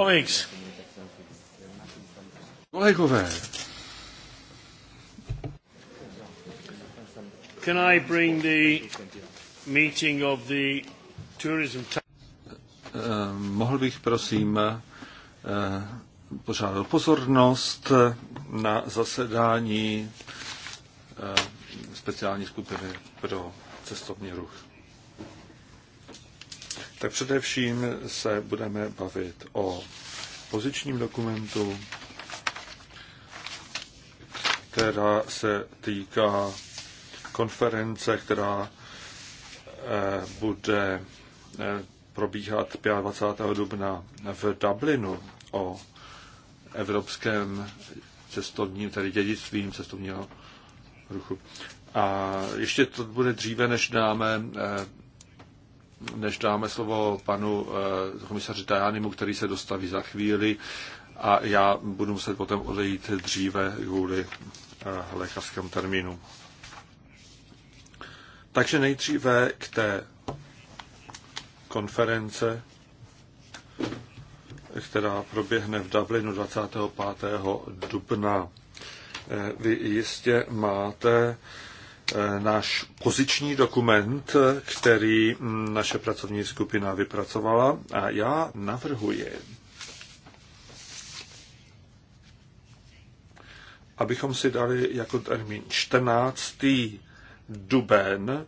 Colleagues. Kolegové. Can I bring the meeting of the tourism eh, Mohl bych prosím eh, požádat pozornost na zasedání eh, speciální skupiny pro cestovní ruch tak především se budeme bavit o pozičním dokumentu, která se týká konference, která eh, bude eh, probíhat 25. dubna v Dublinu o evropském cestovním, tedy dědictvím cestovního ruchu. A ještě to bude dříve, než dáme eh, než dáme slovo panu eh, komisaři Tajanimu, který se dostaví za chvíli a já budu muset potom odejít dříve kvůli eh, lékařskému termínu. Takže nejdříve k té konference, která proběhne v Dublinu 25. dubna. Eh, vy jistě máte Eh, náš poziční dokument, který naše pracovní skupina vypracovala a já navrhuji, abychom si dali jako termín 14. duben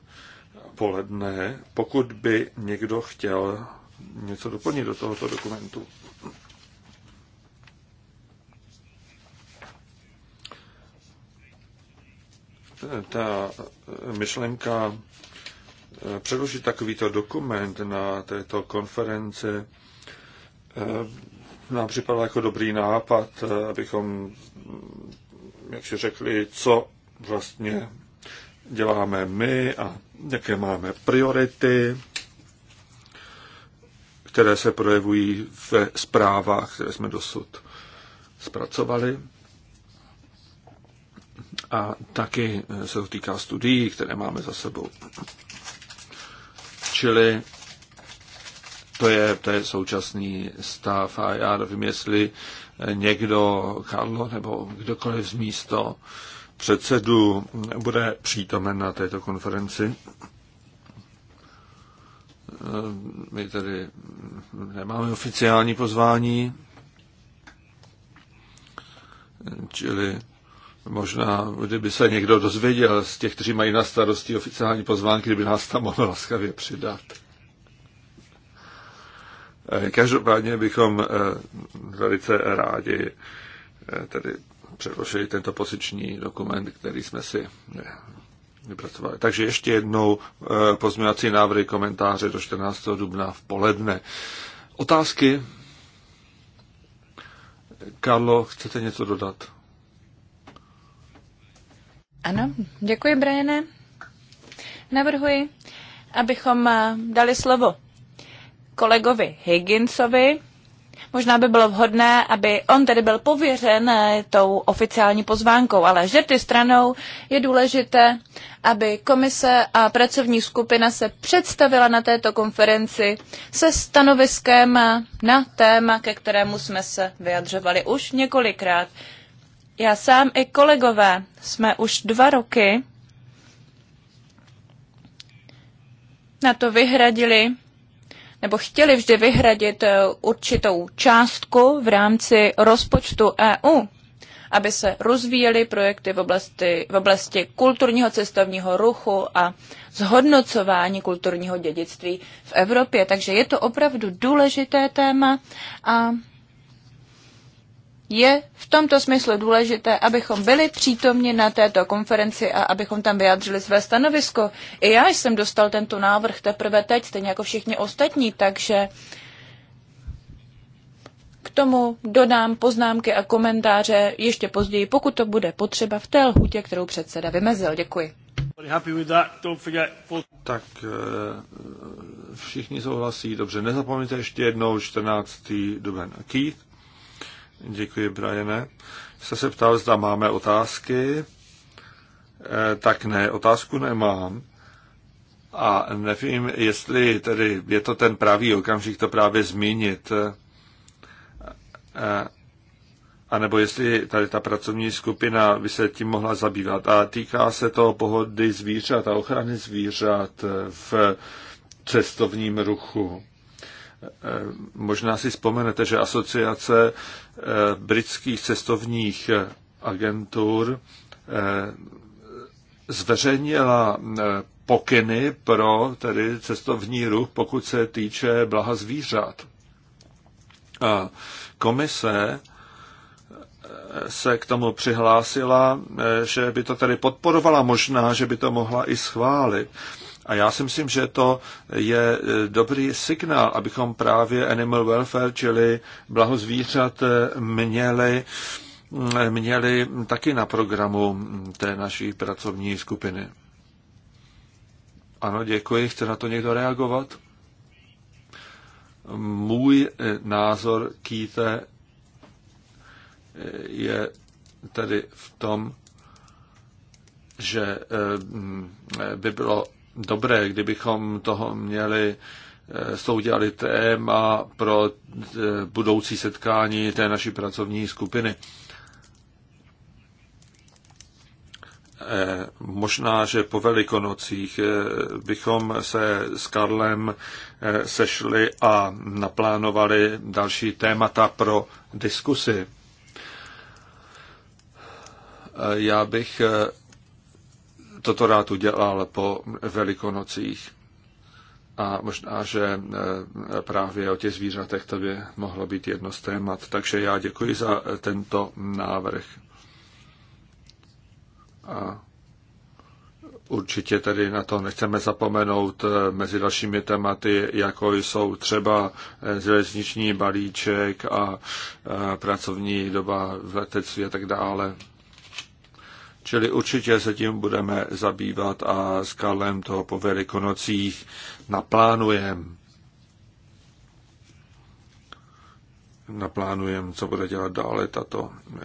poledne, pokud by někdo chtěl něco doplnit do tohoto dokumentu. ta myšlenka eh, předložit takovýto dokument na této konference eh, nám připadla jako dobrý nápad, eh, abychom, mm, jak si řekli, co vlastně děláme my a jaké máme priority, které se projevují ve zprávách, které jsme dosud zpracovali a taky se to týká studií, které máme za sebou. Čili to je, to je současný stav a já nevím, jestli někdo, Karlo nebo kdokoliv z místo předsedu bude přítomen na této konferenci. My tedy nemáme oficiální pozvání, čili Možná, kdyby se někdo dozvěděl z těch, kteří mají na starosti oficiální pozvánky, kdyby nás tam mohl laskavě přidat. Eh, každopádně bychom eh, velice rádi eh, tedy předložili tento poziční dokument, který jsme si vypracovali. Takže ještě jednou pozměňovací návrhy, komentáře do 14. dubna v poledne. Otázky? Karlo, chcete něco dodat? Ano, děkuji, Brianne. Navrhuji, abychom eh, dali slovo kolegovi Higginsovi. Možná by bylo vhodné, aby on tedy byl pověřen eh, tou oficiální pozvánkou, ale žerty stranou je důležité, aby komise a pracovní skupina se představila na této konferenci se stanoviskem eh, na téma, ke kterému jsme se vyjadřovali už několikrát. Já sám i kolegové jsme už dva roky na to vyhradili, nebo chtěli vždy vyhradit eh, určitou částku v rámci rozpočtu EU, aby se rozvíjely projekty v oblasti, v oblasti kulturního cestovního ruchu a zhodnocování kulturního dědictví v Evropě. Takže je to opravdu důležité téma a je v tomto smyslu důležité, abychom byli přítomni na této konferenci a abychom tam vyjádřili své stanovisko. I já jsem dostal tento návrh teprve teď, stejně jako všichni ostatní, takže k tomu dodám poznámky a komentáře ještě později, pokud to bude potřeba v té lhůtě, kterou předseda vymezil. Děkuji. Tak eh, všichni souhlasí, dobře, nezapomeňte ještě jednou 14. duben. Keith? Děkuji, Brajene. Jste se ptal, zda máme otázky. Eh, tak ne, otázku nemám. A nevím, jestli tedy je to ten pravý okamžik to právě zmínit, eh, eh, a nebo jestli tady ta pracovní skupina by se tím mohla zabývat. A týká se to pohody zvířat a ochrany zvířat v cestovním ruchu. Eh, možná si vzpomenete, že asociace eh, britských cestovních eh, agentur zveřejnila pokyny pro tedy cestovní ruch, pokud se týče blaha zvířat. A komise se k tomu přihlásila, že by to tedy podporovala, možná, že by to mohla i schválit. A já si myslím, že to je e, dobrý signál, abychom právě animal welfare, čili blaho zvířat, e, měli, e, měli taky na programu té naší pracovní skupiny. Ano, děkuji. Chce na to někdo reagovat? Můj názor, Kýte, je tedy v tom, že by bylo dobré, kdybychom toho měli eh, s tou udělali téma pro eh, budoucí setkání té naší pracovní skupiny. Eh, možná, že po velikonocích bychom se s Karlem sešli a naplánovali další témata pro diskusy. Já bych toto rád udělal po velikonocích. A možná, že e, právě o těch zvířatech to by mohlo být jedno z témat. Takže já děkuji za e, tento návrh. A určitě tedy na to nechceme zapomenout e, mezi dalšími tématy, jako jsou třeba železniční balíček a pracovní doba v letectví a tak dále. Čili určitě se tím budeme zabývat a s Karlem toho po velikonocích naplánujeme. Naplánujeme, co bude dělat dále tato eh,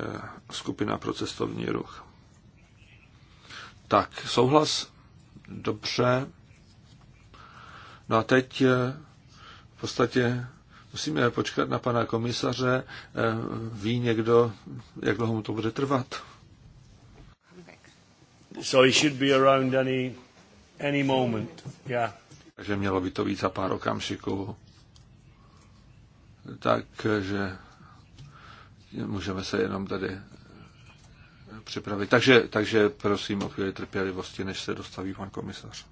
skupina pro cestovní ruch. Tak, souhlas? Dobře. No a teď eh, v podstatě musíme počkat na pana komisaře. Eh, ví někdo, jak dlouho mu to bude trvat? So he should be around any, any moment. Yeah. Takže mělo by to být za pár okamžiků. Takže můžeme se jenom tady připravit. Takže, takže prosím o chvíli trpělivosti, než se dostaví pan komisař.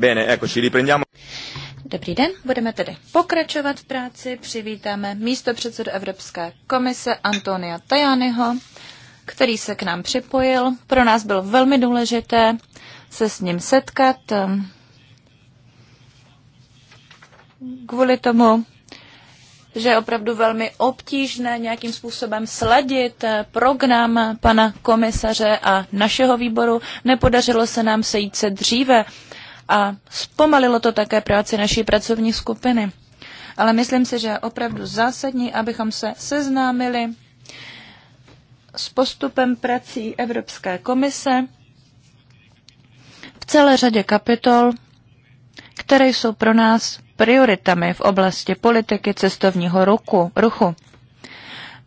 Bene, eccoci, riprendiamo. Dobrý den, budeme tedy pokračovat v práci. Přivítáme místo předsedu Evropské komise Antonia Tajaniho, který se k nám připojil. Pro nás bylo velmi důležité se s ním setkat. Kvůli tomu, že je opravdu velmi obtížné nějakým způsobem sladit program pana komisaře a našeho výboru. Nepodařilo se nám sejít se dříve a zpomalilo to také práci naší pracovní skupiny. Ale myslím si, že je opravdu zásadní, abychom se seznámili s postupem prací Evropské komise v celé řadě kapitol, které jsou pro nás prioritami v oblasti politiky cestovního ruku, ruchu.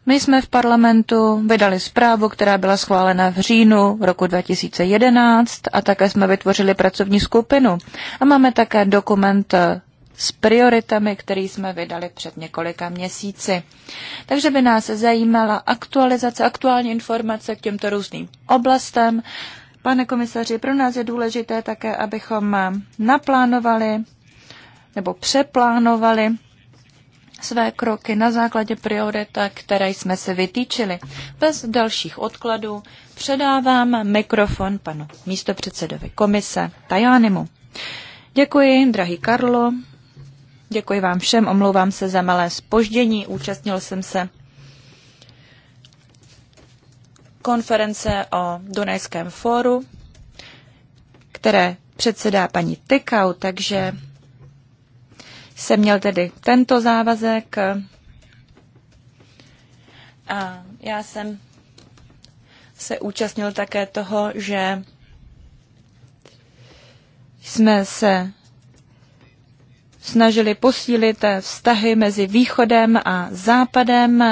My jsme v parlamentu vydali zprávu, která byla schválena v říjnu roku 2011 a také jsme vytvořili pracovní skupinu. A máme také dokument eh, s prioritami, který jsme vydali před několika měsíci. Takže by nás zajímala aktualizace, aktuální informace k těmto různým oblastem. Pane komisaři, pro nás je důležité také, abychom eh, naplánovali nebo přeplánovali své kroky na základě priorit, které jsme se vytýčili. Bez dalších odkladů předávám mikrofon panu místopředsedovi komise Tajánimu. Děkuji, drahý Karlo. Děkuji vám všem, omlouvám se za malé spoždění, účastnil jsem se konference o Dunajském fóru, které předsedá paní Tykau, takže jsem měl tedy tento závazek a já jsem se účastnil také toho, že jsme se snažili posílit vztahy mezi východem a západem,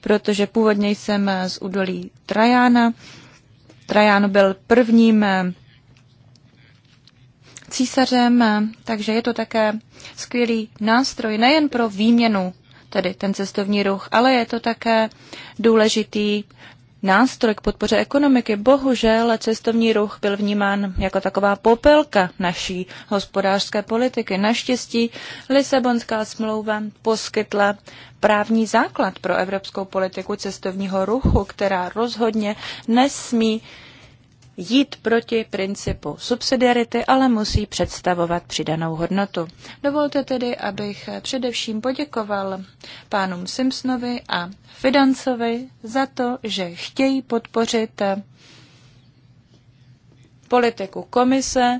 protože původně jsem z údolí Trajana. Trajano byl prvním císařem, eh, takže je to také skvělý nástroj nejen pro výměnu, tedy ten cestovní ruch, ale je to také důležitý nástroj k podpoře ekonomiky. Bohužel cestovní ruch byl vnímán jako taková popelka naší hospodářské politiky. Naštěstí Lisabonská smlouva poskytla právní základ pro evropskou politiku cestovního ruchu, která rozhodně nesmí jít proti principu subsidiarity, ale musí představovat přidanou hodnotu. Dovolte tedy, abych především poděkoval pánům Simpsonovi a Fidancovi za to, že chtějí podpořit eh, politiku komise,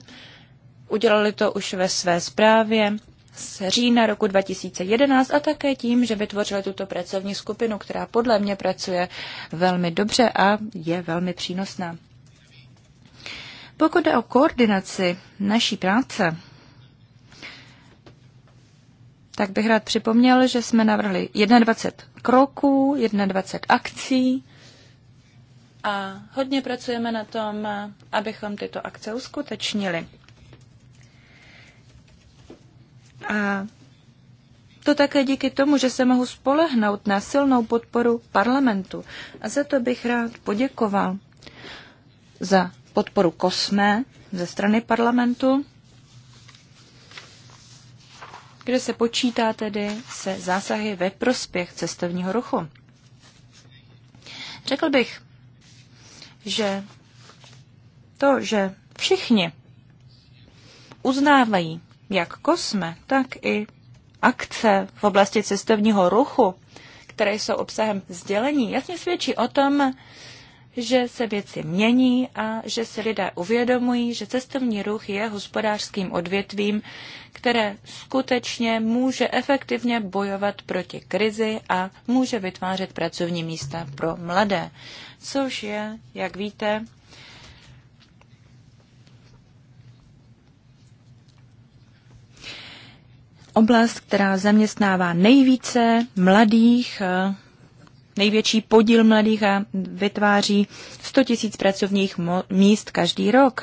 udělali to už ve své zprávě z října roku 2011 a také tím, že vytvořili tuto pracovní skupinu, která podle mě pracuje velmi dobře a je velmi přínosná. Pokud jde o koordinaci naší práce, tak bych rád připomněl, že jsme navrhli 21 kroků, 21 akcí a hodně pracujeme na tom, abychom tyto akce uskutečnili. A to také díky tomu, že se mohu spolehnout na silnou podporu parlamentu. A za to bych rád poděkoval za podporu Kosme ze strany parlamentu, kde se počítá tedy se zásahy ve prospěch cestovního ruchu. Řekl bych, že to, že všichni uznávají jak kosme, tak i akce v oblasti cestovního ruchu, které jsou obsahem sdělení, jasně svědčí o tom, že se věci mění a že se lidé uvědomují, že cestovní ruch je hospodářským odvětvím, které skutečně může efektivně bojovat proti krizi a může vytvářet pracovní místa pro mladé, což je, jak víte, oblast, která zaměstnává nejvíce mladých největší podíl mladých a vytváří 100 000 pracovních míst každý rok.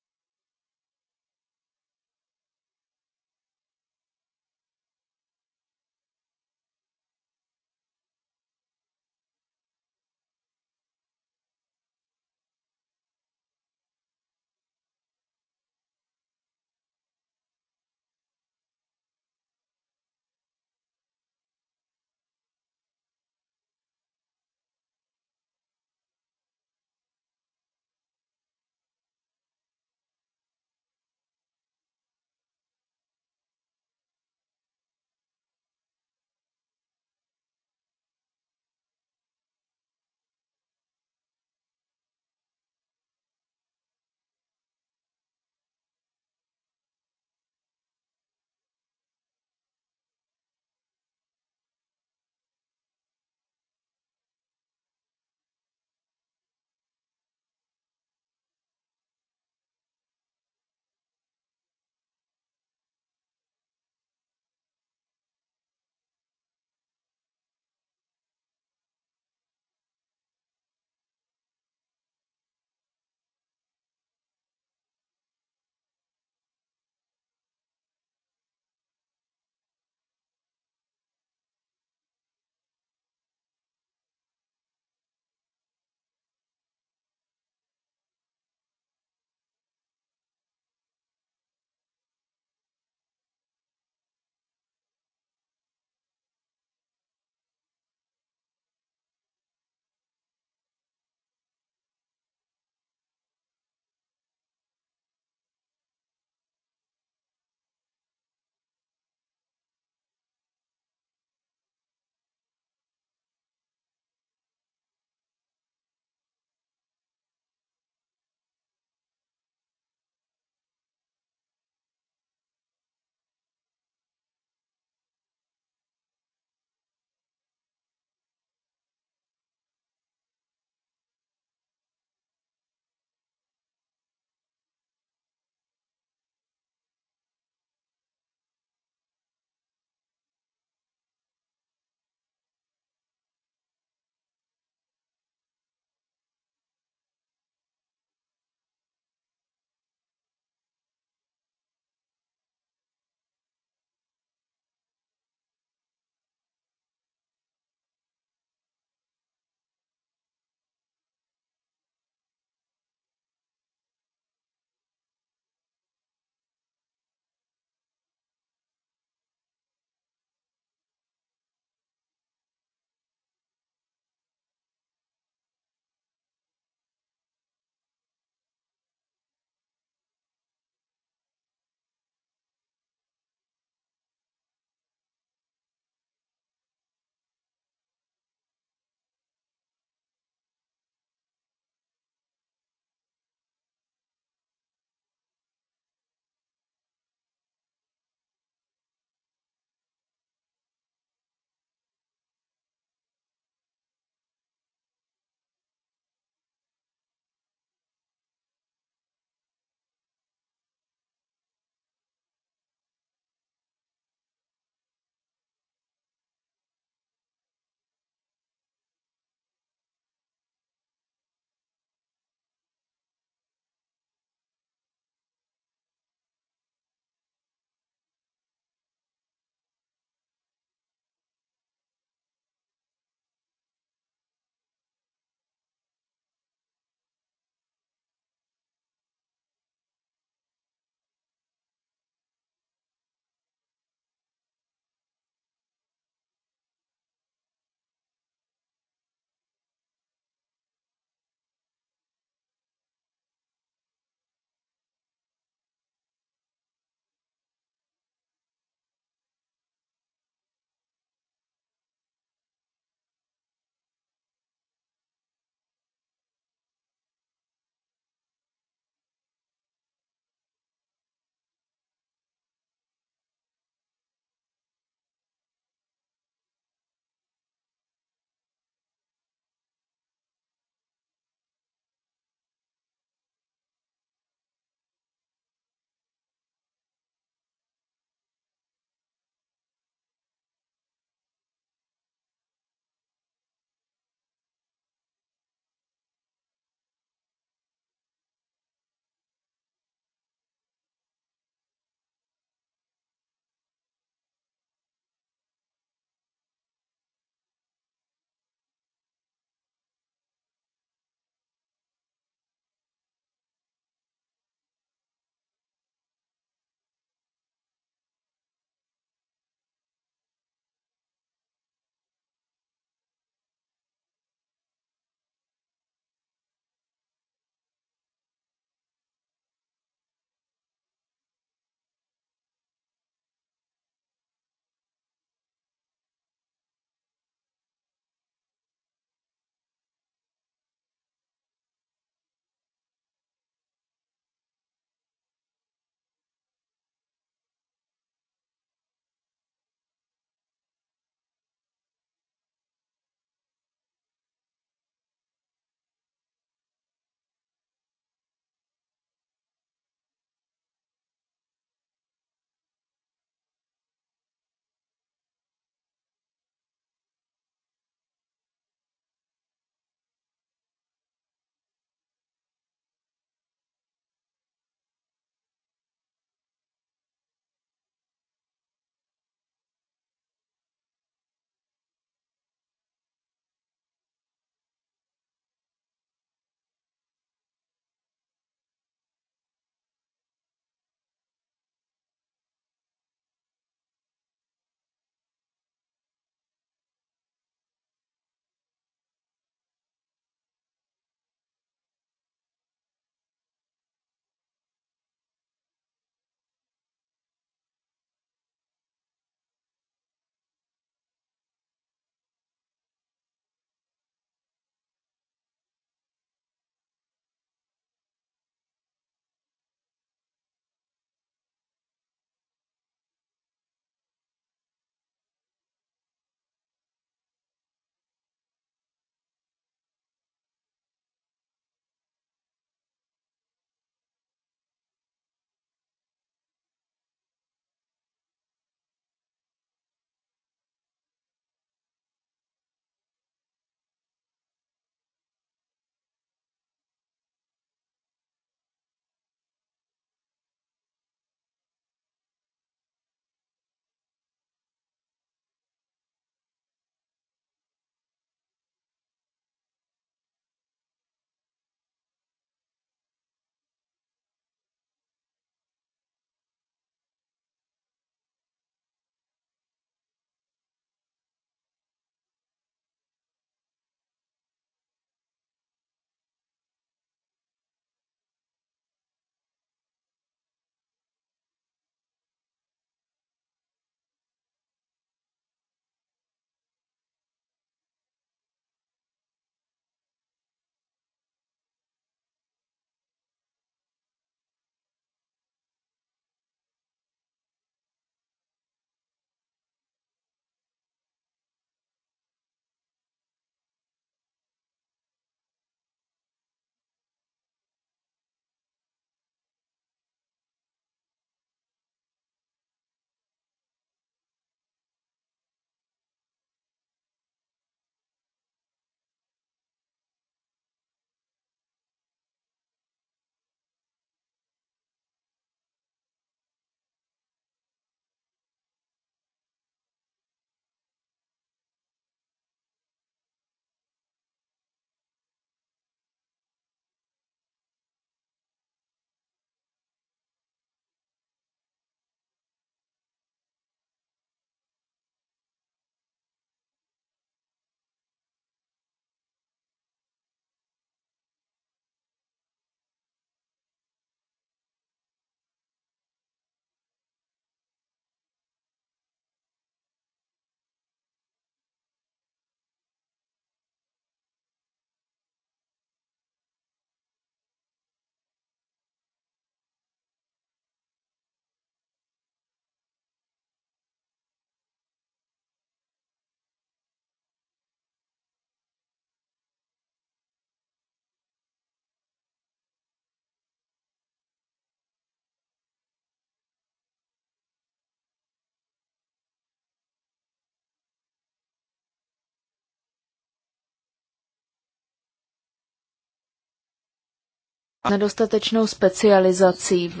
nedostatečnou specializací v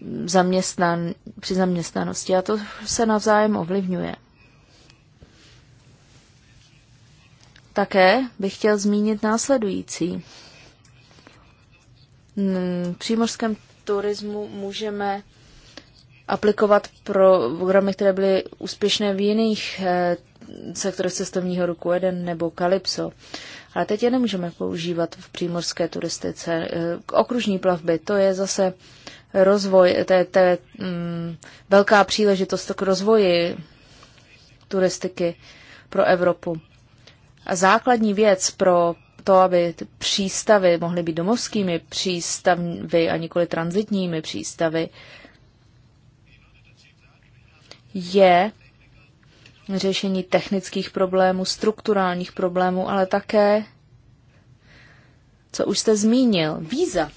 mm, zaměstnan, při zaměstnanosti a to se navzájem ovlivňuje. Také bych chtěl zmínit následující. V přímořském turismu můžeme aplikovat pro programy, které byly úspěšné v jiných eh, sektor cestovního ruku jeden nebo Kalypso. Ale teď je nemůžeme používat v přímorské turistice. Eh, k okružní plavby, to je zase rozvoj, to je, to je um, velká příležitost k rozvoji turistiky pro Evropu. A základní věc pro to, aby ty přístavy mohly být domovskými přístavy a nikoli transitními přístavy, je řešení technických problémů, strukturálních problémů, ale také, co už jste zmínil, víza.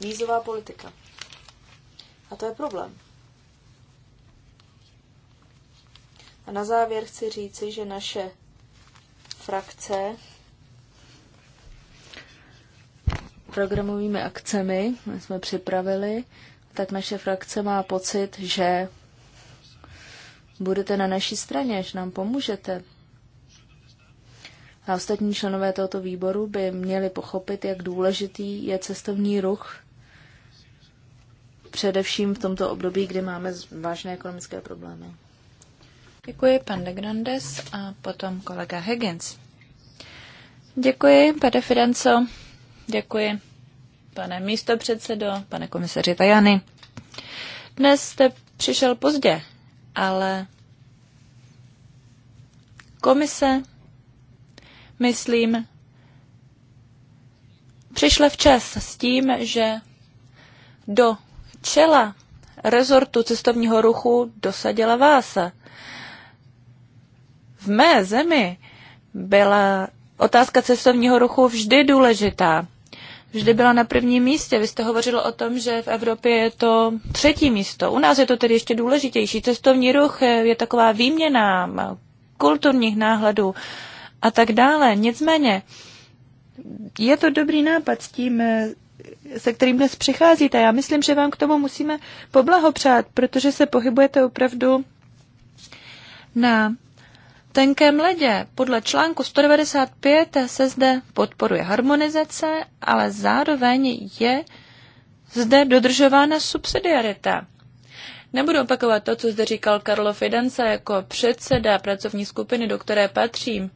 Vízová politika. A to je problém. A na závěr chci říci, že naše frakce programovými akcemi jsme připravili, tak naše frakce má pocit, že budete na naší straně, že nám pomůžete. A ostatní členové tohoto výboru by měli pochopit, jak důležitý je cestovní ruch, především v tomto období, kdy máme vážné ekonomické problémy. Děkuji, pan de Grandes a potom kolega Higgins. Děkuji, pane Fidenco. Děkuji, pane místopředsedo, pane komisaři Tajany. Dnes jste přišel pozdě ale komise, myslím, přišla včas s tím, že do čela rezortu cestovního ruchu dosadila vás. V mé zemi byla otázka cestovního ruchu vždy důležitá vždy byla na prvním místě. Vy jste hovořil o tom, že v Evropě je to třetí místo. U nás je to tedy ještě důležitější. Cestovní ruch je taková výměna kulturních náhledů a tak dále. Nicméně je to dobrý nápad s tím, se kterým dnes přicházíte. Já myslím, že vám k tomu musíme poblahopřát, protože se pohybujete opravdu na tenkém ledě. Podle článku 195 se zde podporuje harmonizace, ale zároveň je zde dodržována subsidiarita. Nebudu opakovat to, co zde říkal Karlo Fidanza jako předseda pracovní skupiny, do které patřím.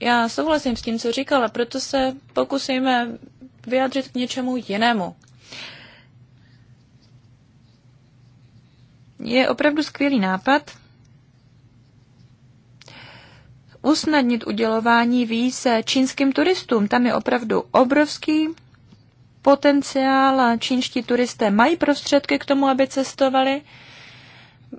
Já souhlasím s tím, co říkal, a proto se pokusíme vyjádřit k něčemu jinému. Je opravdu skvělý nápad, usnadnit udělování víze čínským turistům. Tam je opravdu obrovský potenciál. a Čínští turisté mají prostředky k tomu, aby cestovali.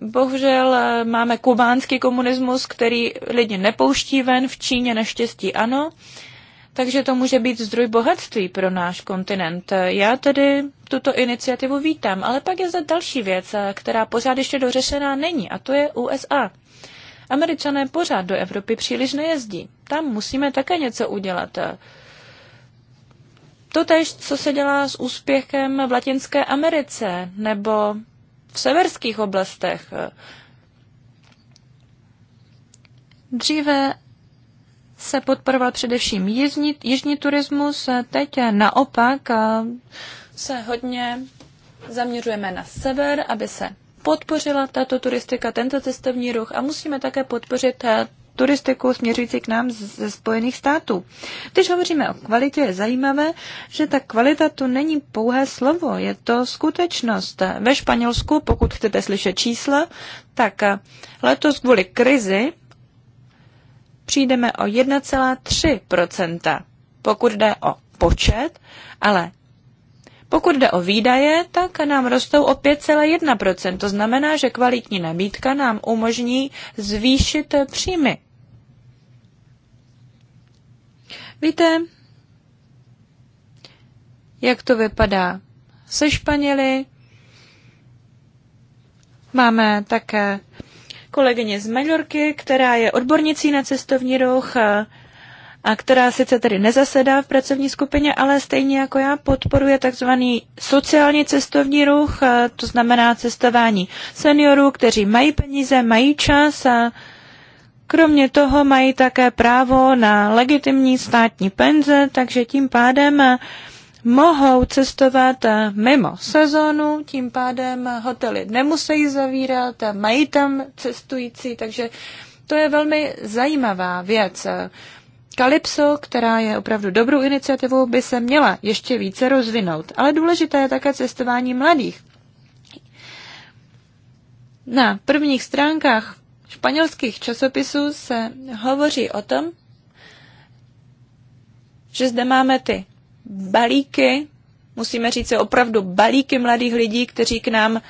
Bohužel eh, máme kubánský komunismus, který lidi nepouští ven, v Číně naštěstí ano. Takže to může být zdroj bohatství pro náš kontinent. Já tedy tuto iniciativu vítám, ale pak je zde další věc, eh, která pořád ještě dořešená není, a to je USA. Američané pořád do Evropy příliš nejezdí. Tam musíme také něco udělat. To tež, co se dělá s úspěchem v Latinské Americe nebo v severských oblastech. Dříve se podporoval především jižní, jižní turismus, teď naopak se hodně zaměřujeme na sever, aby se podpořila tato turistika, tento cestovní ruch a musíme také podpořit eh, turistiku směřující k nám ze Spojených států. Když hovoříme o kvalitě, je zajímavé, že ta kvalita to není pouhé slovo, je to skutečnost. Ve Španělsku, pokud chcete slyšet čísla, tak eh, letos kvůli krizi přijdeme o 1,3 pokud jde o počet, ale pokud jde o výdaje, tak nám rostou o 5,1%. To znamená, že kvalitní nabídka nám umožní zvýšit příjmy. Víte, jak to vypadá se Španěli? Máme také kolegyně z Maďorky, která je odbornicí na cestovní ruch a která sice tedy nezasedá v pracovní skupině, ale stejně jako já podporuje takzvaný sociální cestovní ruch, to znamená cestování seniorů, kteří mají peníze, mají čas a kromě toho mají také právo na legitimní státní penze, takže tím pádem mohou cestovat mimo sezónu, tím pádem hotely nemusí zavírat, mají tam cestující, takže to je velmi zajímavá věc. Kalypso, která je opravdu dobrou iniciativou, by se měla ještě více rozvinout. Ale důležité je také cestování mladých. Na prvních stránkách španělských časopisů se hovoří o tom, že zde máme ty balíky, musíme říct se opravdu balíky mladých lidí, kteří k nám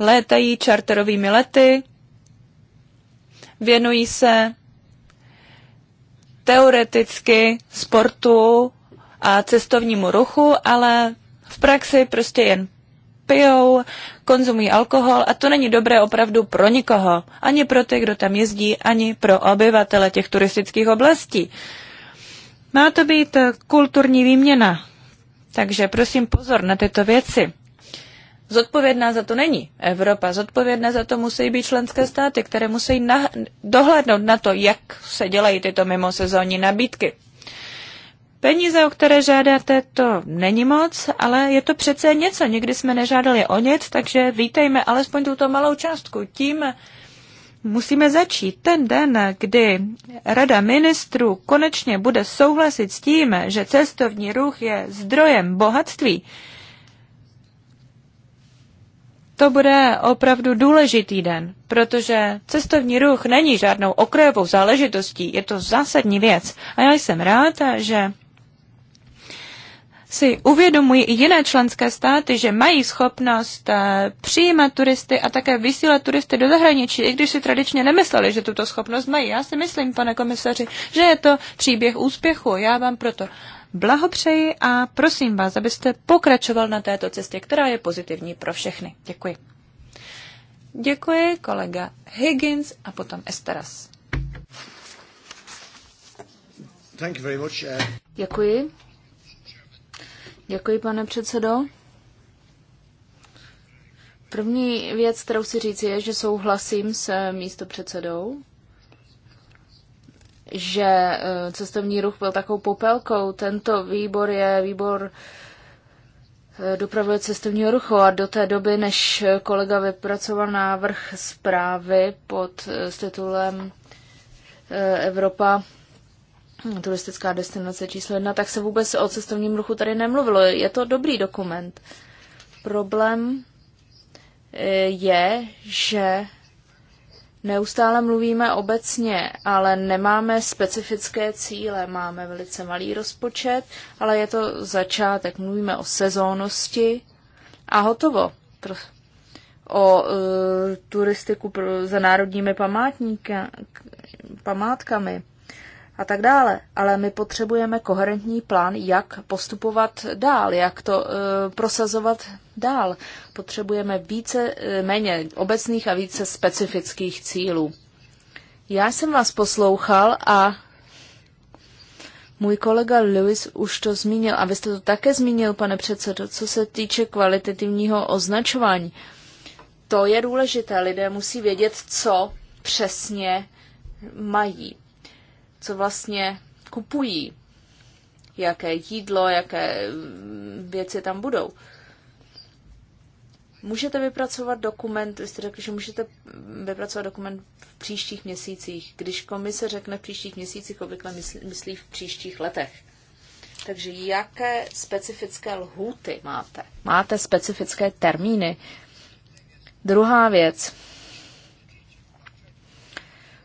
létají čarterovými lety, věnují se teoreticky sportu a cestovnímu ruchu, ale v praxi prostě jen pijou, konzumují alkohol a to není dobré opravdu pro nikoho. Ani pro ty, kdo tam jezdí, ani pro obyvatele těch turistických oblastí. Má to být kulturní výměna, takže prosím pozor na tyto věci. Zodpovědná za to není Evropa, zodpovědná za to musí být členské státy, které musí dohlednout na to, jak se dělají tyto mimosezónní nabídky. Peníze, o které žádáte, to není moc, ale je to přece něco. Nikdy jsme nežádali o nic, takže vítejme alespoň tuto malou částku. Tím musíme začít ten den, kdy Rada ministrů konečně bude souhlasit s tím, že cestovní ruch je zdrojem bohatství to bude opravdu důležitý den, protože cestovní ruch není žádnou okrajovou záležitostí, je to zásadní věc. A já jsem ráda, že si uvědomují i jiné členské státy, že mají schopnost eh, přijímat turisty a také vysílat turisty do zahraničí, i když si tradičně nemysleli, že tuto schopnost mají. Já si myslím, pane komisaři, že je to příběh úspěchu. Já vám proto blahopřeji a prosím vás, abyste pokračoval na této cestě, která je pozitivní pro všechny. Děkuji. Děkuji kolega Higgins a potom Esteras. Thank you very much. Eh. Děkuji. Děkuji, pane předsedo. První věc, kterou si říci, je, že souhlasím s předsedou že eh, cestovní ruch byl takovou popelkou. Tento výbor je výbor eh, dopravy cestovního ruchu a do té doby, než kolega vypracoval návrh zprávy pod eh, titulem Evropa hm, turistická destinace číslo jedna, tak se vůbec o cestovním ruchu tady nemluvilo. Je to dobrý dokument. Problém je, že Neustále mluvíme obecně, ale nemáme specifické cíle. Máme velice malý rozpočet, ale je to začátek. Mluvíme o sezónnosti a hotovo. O e, turistiku pro, za národními památníka, památkami a tak dále. Ale my potřebujeme koherentní plán, jak postupovat dál, jak to e, prosazovat dál. Potřebujeme více, e, méně obecných a více specifických cílů. Já jsem vás poslouchal a můj kolega Lewis už to zmínil a vy jste to také zmínil, pane předsedo, co se týče kvalitativního označování. To je důležité, lidé musí vědět, co přesně mají co vlastně kupují, jaké jídlo, jaké věci tam budou. Můžete vypracovat dokument, vy jste řekli, že můžete vypracovat dokument v příštích měsících. Když komise řekne v příštích měsících, obvykle myslí, v příštích letech. Takže jaké specifické lhůty máte? Máte specifické termíny? Druhá věc.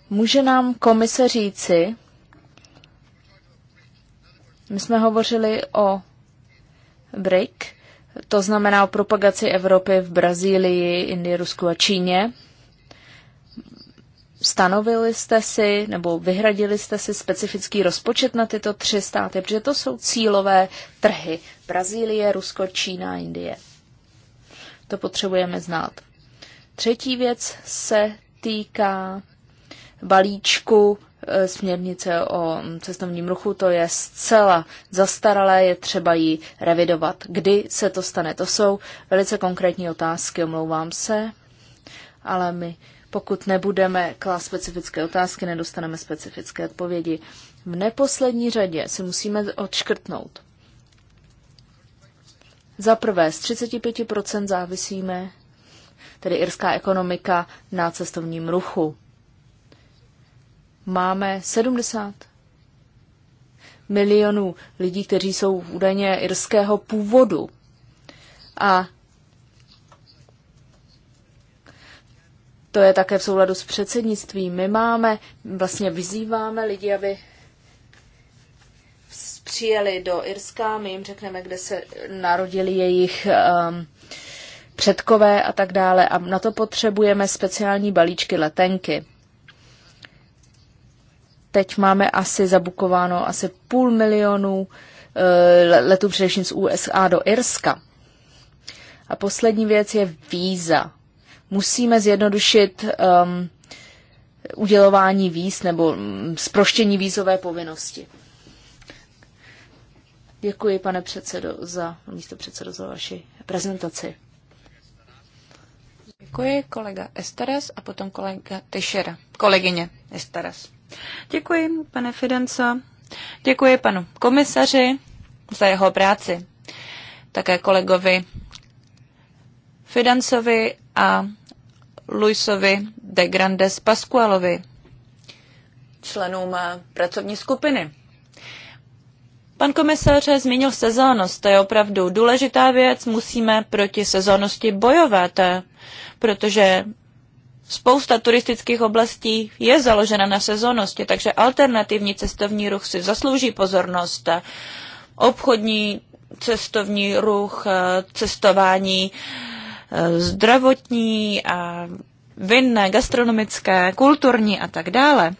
Může nám komise říci, my jsme hovořili o BRIC, to znamená o propagaci Evropy v Brazílii, Indii, Rusku a Číně. Stanovili jste si nebo vyhradili jste si specifický rozpočet na tyto tři státy, protože to jsou cílové trhy. Brazílie, Rusko, Čína, Indie. To potřebujeme znát. Třetí věc se týká balíčku E, směrnice o cestovním ruchu, to je zcela zastaralé, je třeba ji revidovat. Kdy se to stane? To jsou velice konkrétní otázky, omlouvám se, ale my pokud nebudeme klást specifické otázky, nedostaneme specifické odpovědi. V neposlední řadě si musíme odškrtnout. Za prvé, z 35% závisíme, tedy irská ekonomika, na cestovním ruchu máme 70 milionů lidí, kteří jsou údajně irského původu. A to je také v souladu s předsednictvím. My máme, vlastně vyzýváme lidi, aby přijeli do Irska, my jim řekneme, kde se narodili jejich um, předkové a tak dále. A na to potřebujeme speciální balíčky letenky. Teď máme asi zabukováno asi půl milionu eh, letů především z USA do Irska. A poslední věc je víza. Musíme zjednodušit um, udělování víz nebo sproštění mm, vízové povinnosti. Děkuji, pane předsedo, za místo předsedo za vaši prezentaci. Děkuji, kolega Esteres a potom kolega Tešera. kolegyně Esteres. Děkuji, pane Fidenco. Děkuji panu komisaři za jeho práci. Také kolegovi Fidancovi a Luisovi de Grandes Pascualovi, členům pracovní skupiny. Pan komisař zmínil sezónnost, to je opravdu důležitá věc, musíme proti sezónnosti bojovat, protože Spousta turistických oblastí je založena na sezónnosti, takže alternativní cestovní ruch si zaslouží pozornost. Obchodní cestovní ruch, eh, cestování eh, zdravotní a vinné, gastronomické, kulturní a tak dále.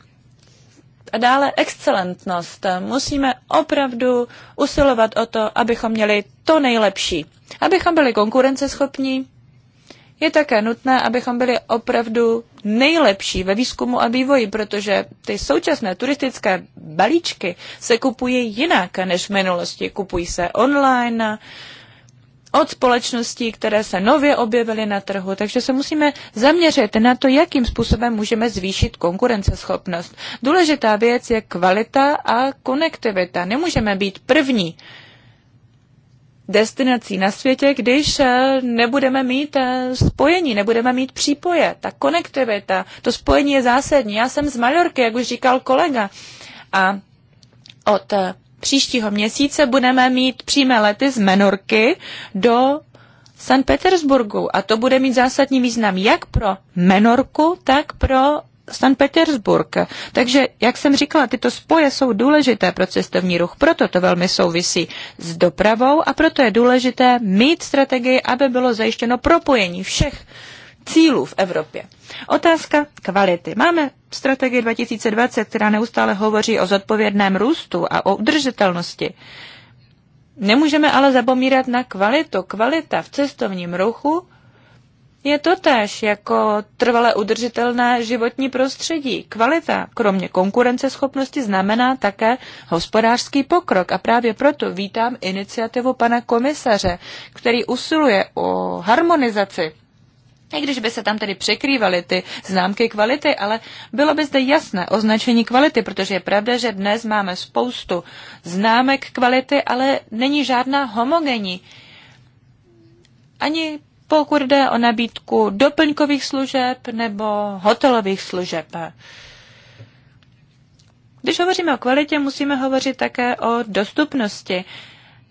A dále excelentnost. Musíme opravdu usilovat o to, abychom měli to nejlepší. Abychom byli konkurenceschopní, je také nutné, abychom byli opravdu nejlepší ve výzkumu a vývoji, protože ty současné turistické balíčky se kupují jinak než v minulosti. Kupují se online, od společností, které se nově objevily na trhu. Takže se musíme zaměřit na to, jakým způsobem můžeme zvýšit konkurenceschopnost. Důležitá věc je kvalita a konektivita. Nemůžeme být první destinací na světě, když eh, nebudeme mít eh, spojení, nebudeme mít přípoje. Ta konektivita, to spojení je zásadní. Já jsem z Mallorky, jak už říkal kolega. A od eh, příštího měsíce budeme mít přímé lety z Menorky do San Petersburgu a to bude mít zásadní význam jak pro Menorku, tak pro San Petersburg. Takže, jak jsem říkala, tyto spoje jsou důležité pro cestovní ruch, proto to velmi souvisí s dopravou a proto je důležité mít strategii, aby bylo zajištěno propojení všech cílů v Evropě. Otázka kvality. Máme strategii 2020, která neustále hovoří o zodpovědném růstu a o udržitelnosti. Nemůžeme ale zapomírat na kvalitu. Kvalita v cestovním ruchu je totéž jako trvale udržitelné životní prostředí. Kvalita, kromě konkurenceschopnosti, znamená také hospodářský pokrok. A právě proto vítám iniciativu pana komisaře, který usiluje o harmonizaci i když by se tam tedy překrývaly ty známky kvality, ale bylo by zde jasné označení kvality, protože je pravda, že dnes máme spoustu známek kvality, ale není žádná homogenní. Ani pokud jde o nabídku doplňkových služeb nebo hotelových služeb. Když hovoříme o kvalitě, musíme hovořit také o dostupnosti.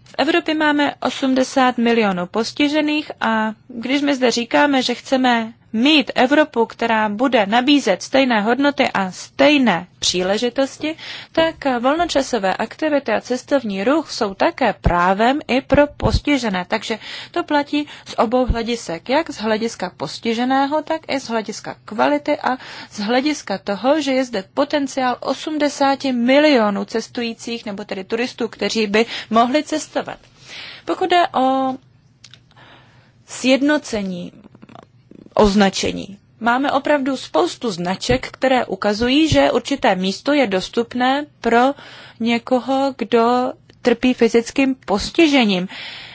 V Evropě máme 80 milionů postižených a když my zde říkáme, že chceme mít Evropu, která bude nabízet stejné hodnoty a stejné příležitosti, tak volnočasové aktivity a cestovní ruch jsou také právem i pro postižené. Takže to platí z obou hledisek, jak z hlediska postiženého, tak i z hlediska kvality a z hlediska toho, že je zde potenciál 80 milionů cestujících nebo tedy turistů, kteří by mohli cestovat. Pokud je o sjednocení označení. Máme opravdu spoustu značek, které ukazují, že určité místo je dostupné pro někoho, kdo trpí fyzickým postižením.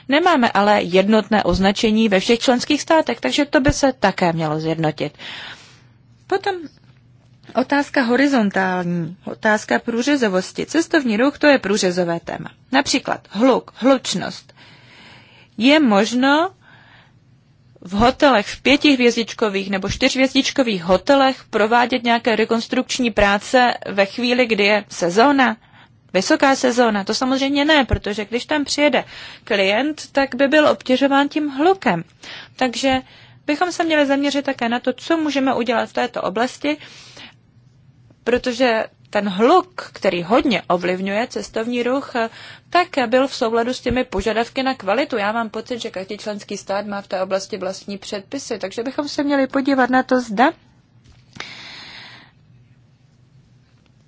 Nemáme ale jednotné označení ve všech členských státech, takže to by se také mělo zjednotit. Potom otázka horizontální, otázka průřezovosti. Cestovní ruch to je průřezové téma. Například hluk, hlučnost. Je možno v hotelech, v pětihvězdičkových nebo čtyřhvězdičkových hotelech provádět nějaké rekonstrukční práce ve chvíli, kdy je sezóna? Vysoká sezóna? To samozřejmě ne, protože když tam přijede klient, tak by byl obtěžován tím hlukem. Takže bychom se měli zaměřit také na to, co můžeme udělat v této oblasti, protože ten hluk, který hodně ovlivňuje cestovní ruch, tak byl v souladu s těmi požadavky na kvalitu. Já mám pocit, že každý členský stát má v té oblasti vlastní předpisy, takže bychom se měli podívat na to, zda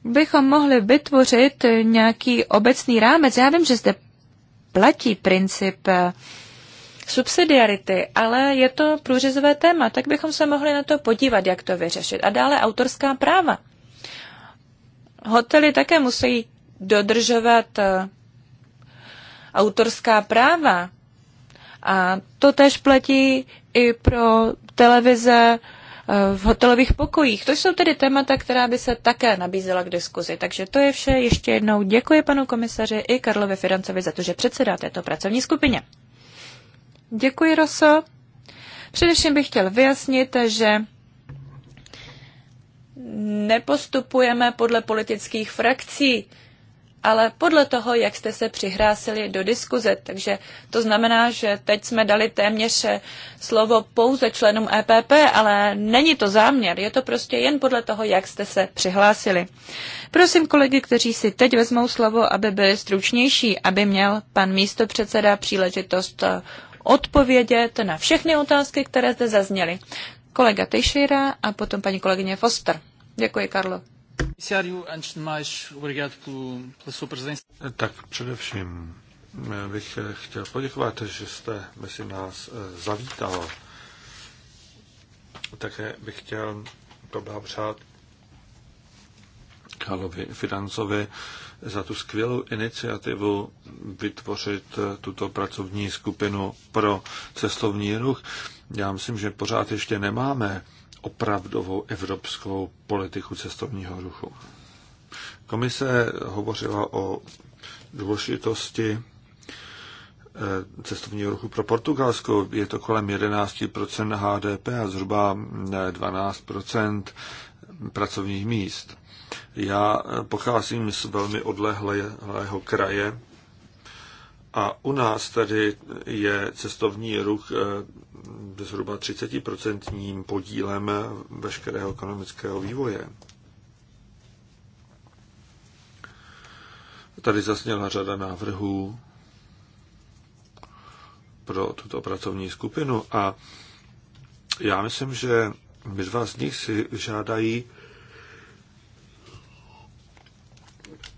bychom mohli vytvořit nějaký obecný rámec. Já vím, že zde platí princip eh, subsidiarity, ale je to průřezové téma, tak bychom se mohli na to podívat, jak to vyřešit. A dále autorská práva hotely také musí dodržovat eh, autorská práva. A to tež platí i pro televize eh, v hotelových pokojích. To jsou tedy témata, která by se také nabízela k diskuzi. Takže to je vše. Ještě jednou děkuji panu komisaři i Karlovi Firancovi za to, že předsedá této pracovní skupině. Děkuji, Roso. Především bych chtěl vyjasnit, že nepostupujeme podle politických frakcí, ale podle toho, jak jste se přihrásili do diskuze. Takže to znamená, že teď jsme dali téměř slovo pouze členům EPP, ale není to záměr, je to prostě jen podle toho, jak jste se přihlásili. Prosím kolegy, kteří si teď vezmou slovo, aby byli stručnější, aby měl pan místopředseda příležitost eh, odpovědět na všechny otázky, které zde zazněly. Kolega Teixeira a potom paní kolegyně Foster. Děkuji, Karlo. Tak především eh, bych eh, chtěl poděkovat, že jste mezi nás eh, zavítal. Také bych chtěl poblahopřát Karlovi Financovi za tu skvělou iniciativu vytvořit tuto pracovní skupinu pro cestovní ruch. Já myslím, že pořád ještě nemáme opravdovou evropskou politiku cestovního ruchu. Komise hovořila o důležitosti eh, cestovního ruchu pro Portugalsko. Je to kolem 11% HDP a zhruba 12% pracovních míst. Já eh, pocházím z velmi odlehlého kraje, a u nás tady je cestovní ruch eh, zhruba 30% podílem veškerého ekonomického vývoje. Tady zasněla řada návrhů pro tuto pracovní skupinu a já myslím, že dva z nich si žádají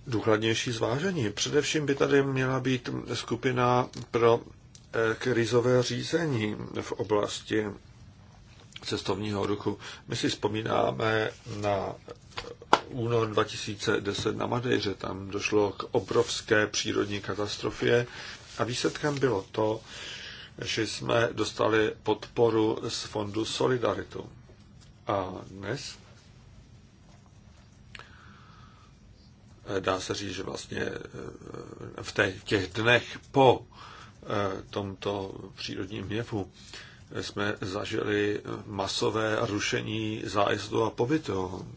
důkladnější zvážení. Především by tady měla být skupina pro eh, krizové řízení v oblasti cestovního ruchu. My si vzpomínáme na eh, únor 2010 na Madejře. Tam došlo k obrovské přírodní katastrofě a výsledkem bylo to, že jsme dostali podporu z fondu Solidaritu. A dnes Eh, dá se říct, že vlastně eh, v těch dnech po eh, tomto přírodním jevu jsme zažili masové rušení zájezdu a pobytu.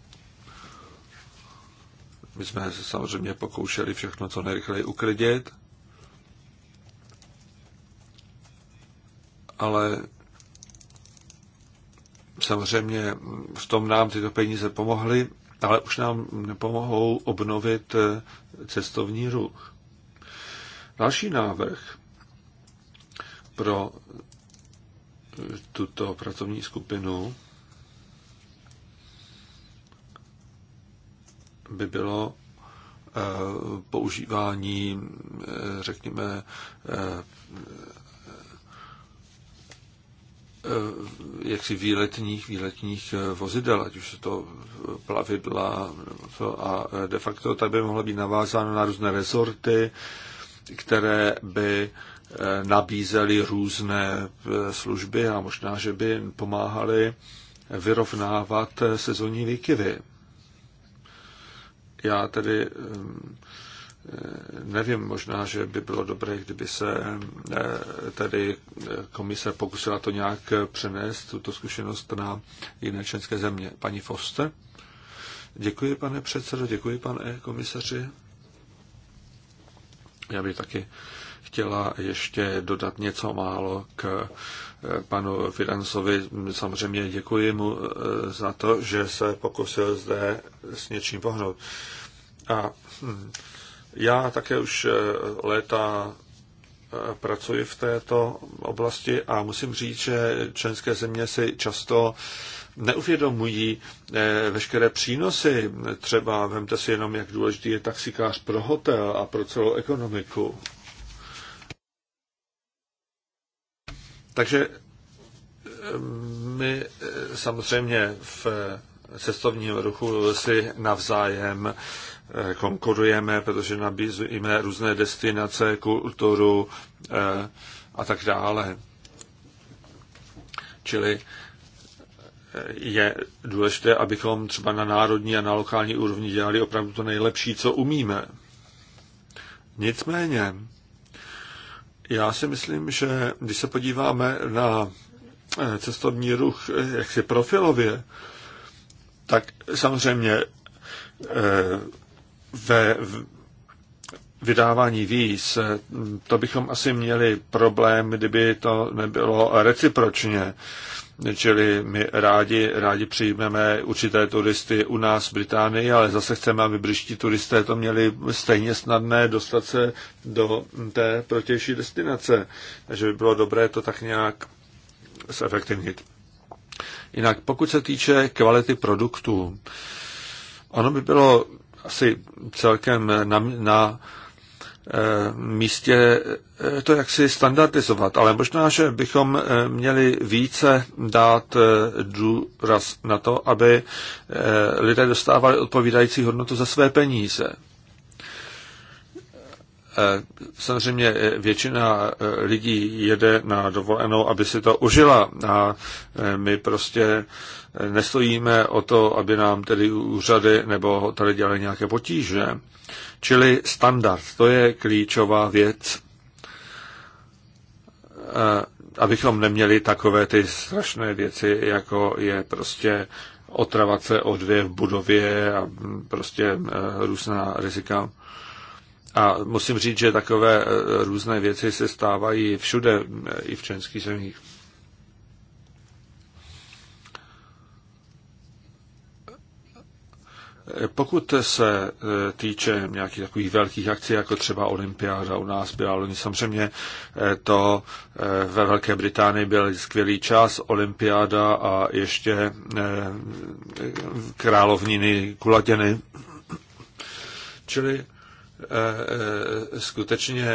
My jsme se samozřejmě pokoušeli všechno co nejrychleji uklidit, ale samozřejmě v tom nám tyto peníze pomohly ale už nám nepomohou obnovit eh, cestovní ruch. Další návrh pro eh, tuto pracovní skupinu by bylo eh, používání, řekněme, Eh, jaksi výletních, výletních eh, vozidel, ať už to plavidla co, a eh, de facto tak by mohla být navázáno na různé rezorty, které by nabízely různé služby a možná, že by pomáhaly vyrovnávat sezónní výkyvy. Já tedy Nevím, možná, že by bylo dobré, kdyby se eh, tedy eh, komise pokusila to nějak přenést, tuto zkušenost na jiné členské země. Paní Foster? Děkuji, pane předsedo, děkuji, pane komisaři. Já bych taky chtěla ještě dodat něco málo k eh, panu Financovi. Samozřejmě děkuji mu za to, že se pokusil zde s něčím pohnout. A hm, já také už eh, léta eh, pracuji v této oblasti a musím říct, že členské země si často neuvědomují eh, veškeré přínosy. Třeba vemte si jenom, jak důležitý je taxikář pro hotel a pro celou ekonomiku. Takže my samozřejmě v cestovním ruchu si navzájem Eh, konkurujeme, protože nabízíme různé destinace, kulturu eh, a tak dále. Čili eh, je důležité, abychom třeba na národní a na lokální úrovni dělali opravdu to nejlepší, co umíme. Nicméně, já si myslím, že když se podíváme na cestovní ruch jaksi profilově, tak samozřejmě ve vydávání víz, to bychom asi měli problém, kdyby to nebylo recipročně. Čili my rádi, rádi přijmeme určité turisty u nás v Británii, ale zase chceme, aby britští turisté to měli stejně snadné dostat se do té protější destinace. Takže by bylo dobré to tak nějak zefektivnit. Jinak pokud se týče kvality produktů, ono by bylo asi celkem na, na eh, místě eh, to jaksi standardizovat, ale možná, že bychom eh, měli více dát důraz na to, aby lidé dostávali odpovídající hodnotu za své peníze. Eh, samozřejmě eh, většina eh, lidí jede na dovolenou, aby si to užila a my prostě nestojíme o to, aby nám tedy úřady nebo tady dělali nějaké potíže. Čili standard, to je klíčová věc, abychom neměli takové ty strašné věci, jako je prostě otravace o dvě v budově a mm, prostě různá rizika. A musím říct, že takové eh, různé věci se stávají všude, eh, i v členských zemích. Eh, pokud se týče nějakých takových velkých akcí, jako třeba Olympiáda u nás byla, ale samozřejmě to ve Velké Británii byl skvělý čas, Olympiáda a ještě královniny kulatěny. Čili Eh, skutečně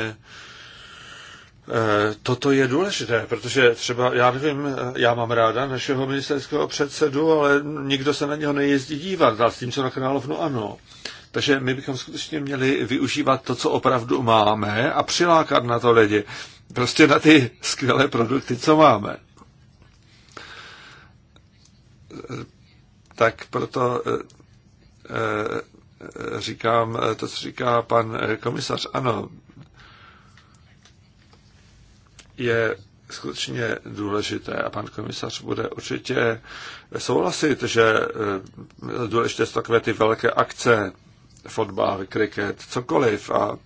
eh, toto je důležité, protože třeba, já nevím, eh, já mám ráda našeho ministerského předsedu, ale nikdo se na něho nejezdí dívat, a s tím, co na Královnu ano. Takže my bychom skutečně měli využívat to, co opravdu máme a přilákat na to lidi. Prostě na ty skvělé produkty, co máme. Tak proto říkám to, co říká pan komisař. Ano, je skutečně důležité a pan komisař bude určitě souhlasit, že eh, důležité jsou takové ty velké akce, fotbal, kriket, cokoliv a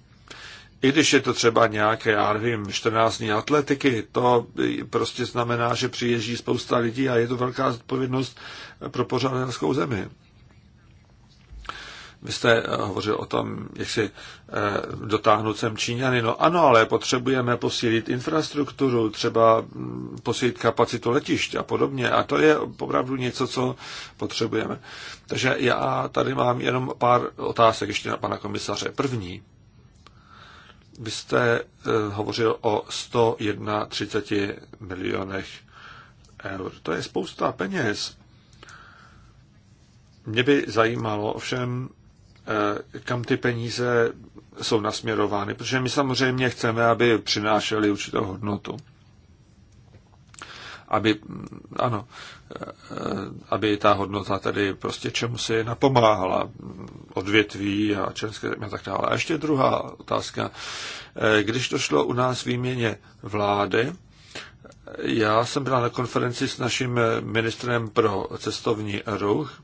i když je to třeba nějaké, já nevím, 14 dní atletiky, to prostě znamená, že přiježdí spousta lidí a je to velká zodpovědnost pro pořadatelskou zemi. Vy jste eh, hovořil o tom, jak si eh, dotáhnout sem Číňany. No ano, ale potřebujeme posílit infrastrukturu, třeba mm, posílit kapacitu letišť a podobně. A to je opravdu něco, co potřebujeme. Takže já tady mám jenom pár otázek ještě na pana komisaře. První. Vy jste eh, hovořil o 131 milionech eur. To je spousta peněz. Mě by zajímalo ovšem, Eh, kam ty peníze jsou nasměrovány, protože my samozřejmě chceme, aby přinášely určitou hodnotu. Aby, mm, ano, eh, aby ta hodnota tedy prostě čemu si napomáhala mm, odvětví a členské země a tak dále. A ještě druhá otázka. Eh, když to šlo u nás výměně vlády, já jsem byla na konferenci s naším ministrem pro cestovní ruch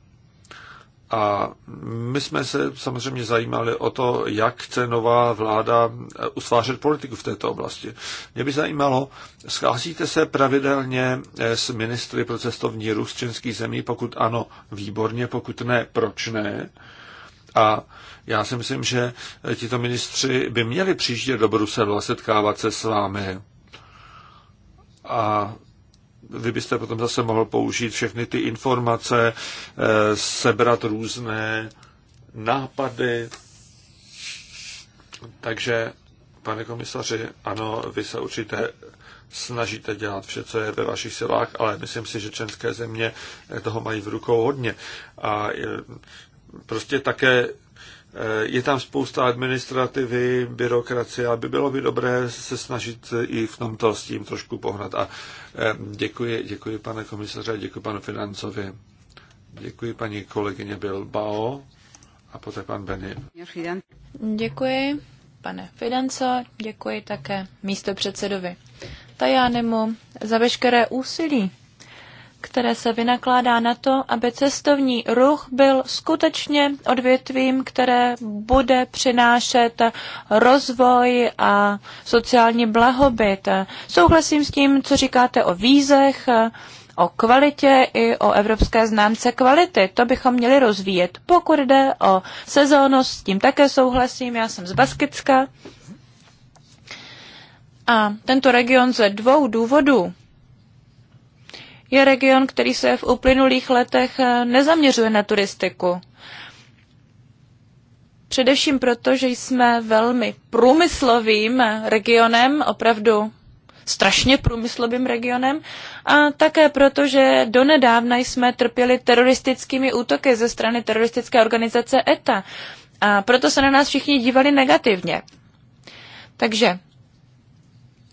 a my jsme se samozřejmě zajímali o to, jak chce nová vláda eh, usvářet politiku v této oblasti. Mě by zajímalo, scházíte se pravidelně eh, s ministry pro cestovní růst českých zemí? Pokud ano, výborně, pokud ne, proč ne? A já si myslím, že eh, tito ministři by měli příště do Bruselu a setkávat se s vámi. A vy byste potom zase mohl použít všechny ty informace, eh, sebrat různé nápady. Takže, pane komisaři, ano, vy se určitě snažíte dělat vše, co je ve vašich silách, ale myslím si, že členské země toho mají v rukou hodně. A eh, prostě také Eh, je tam spousta administrativy, byrokracie, aby bylo by dobré se snažit i v tomto s tím trošku pohnat. A eh, děkuji, děkuji pane komisaře, děkuji panu financovi. Děkuji paní kolegyně Bilbao a poté pan Benny. Děkuji pane Fidanco, děkuji také místo předsedovi Tajánemu za veškeré úsilí, které se vynakládá na to, aby cestovní ruch byl skutečně odvětvím, které bude přinášet rozvoj a sociální blahobyt. Souhlasím s tím, co říkáte o vízech, o kvalitě i o evropské známce kvality. To bychom měli rozvíjet. Pokud jde o sezónost. s tím také souhlasím. Já jsem z Baskicka. A tento region ze dvou důvodů je region, který se v uplynulých letech eh, nezaměřuje na turistiku. Především proto, že jsme velmi průmyslovým eh, regionem, opravdu strašně průmyslovým regionem a také proto, že donedávna jsme trpěli teroristickými útoky ze strany teroristické organizace ETA a proto se na nás všichni dívali negativně. Takže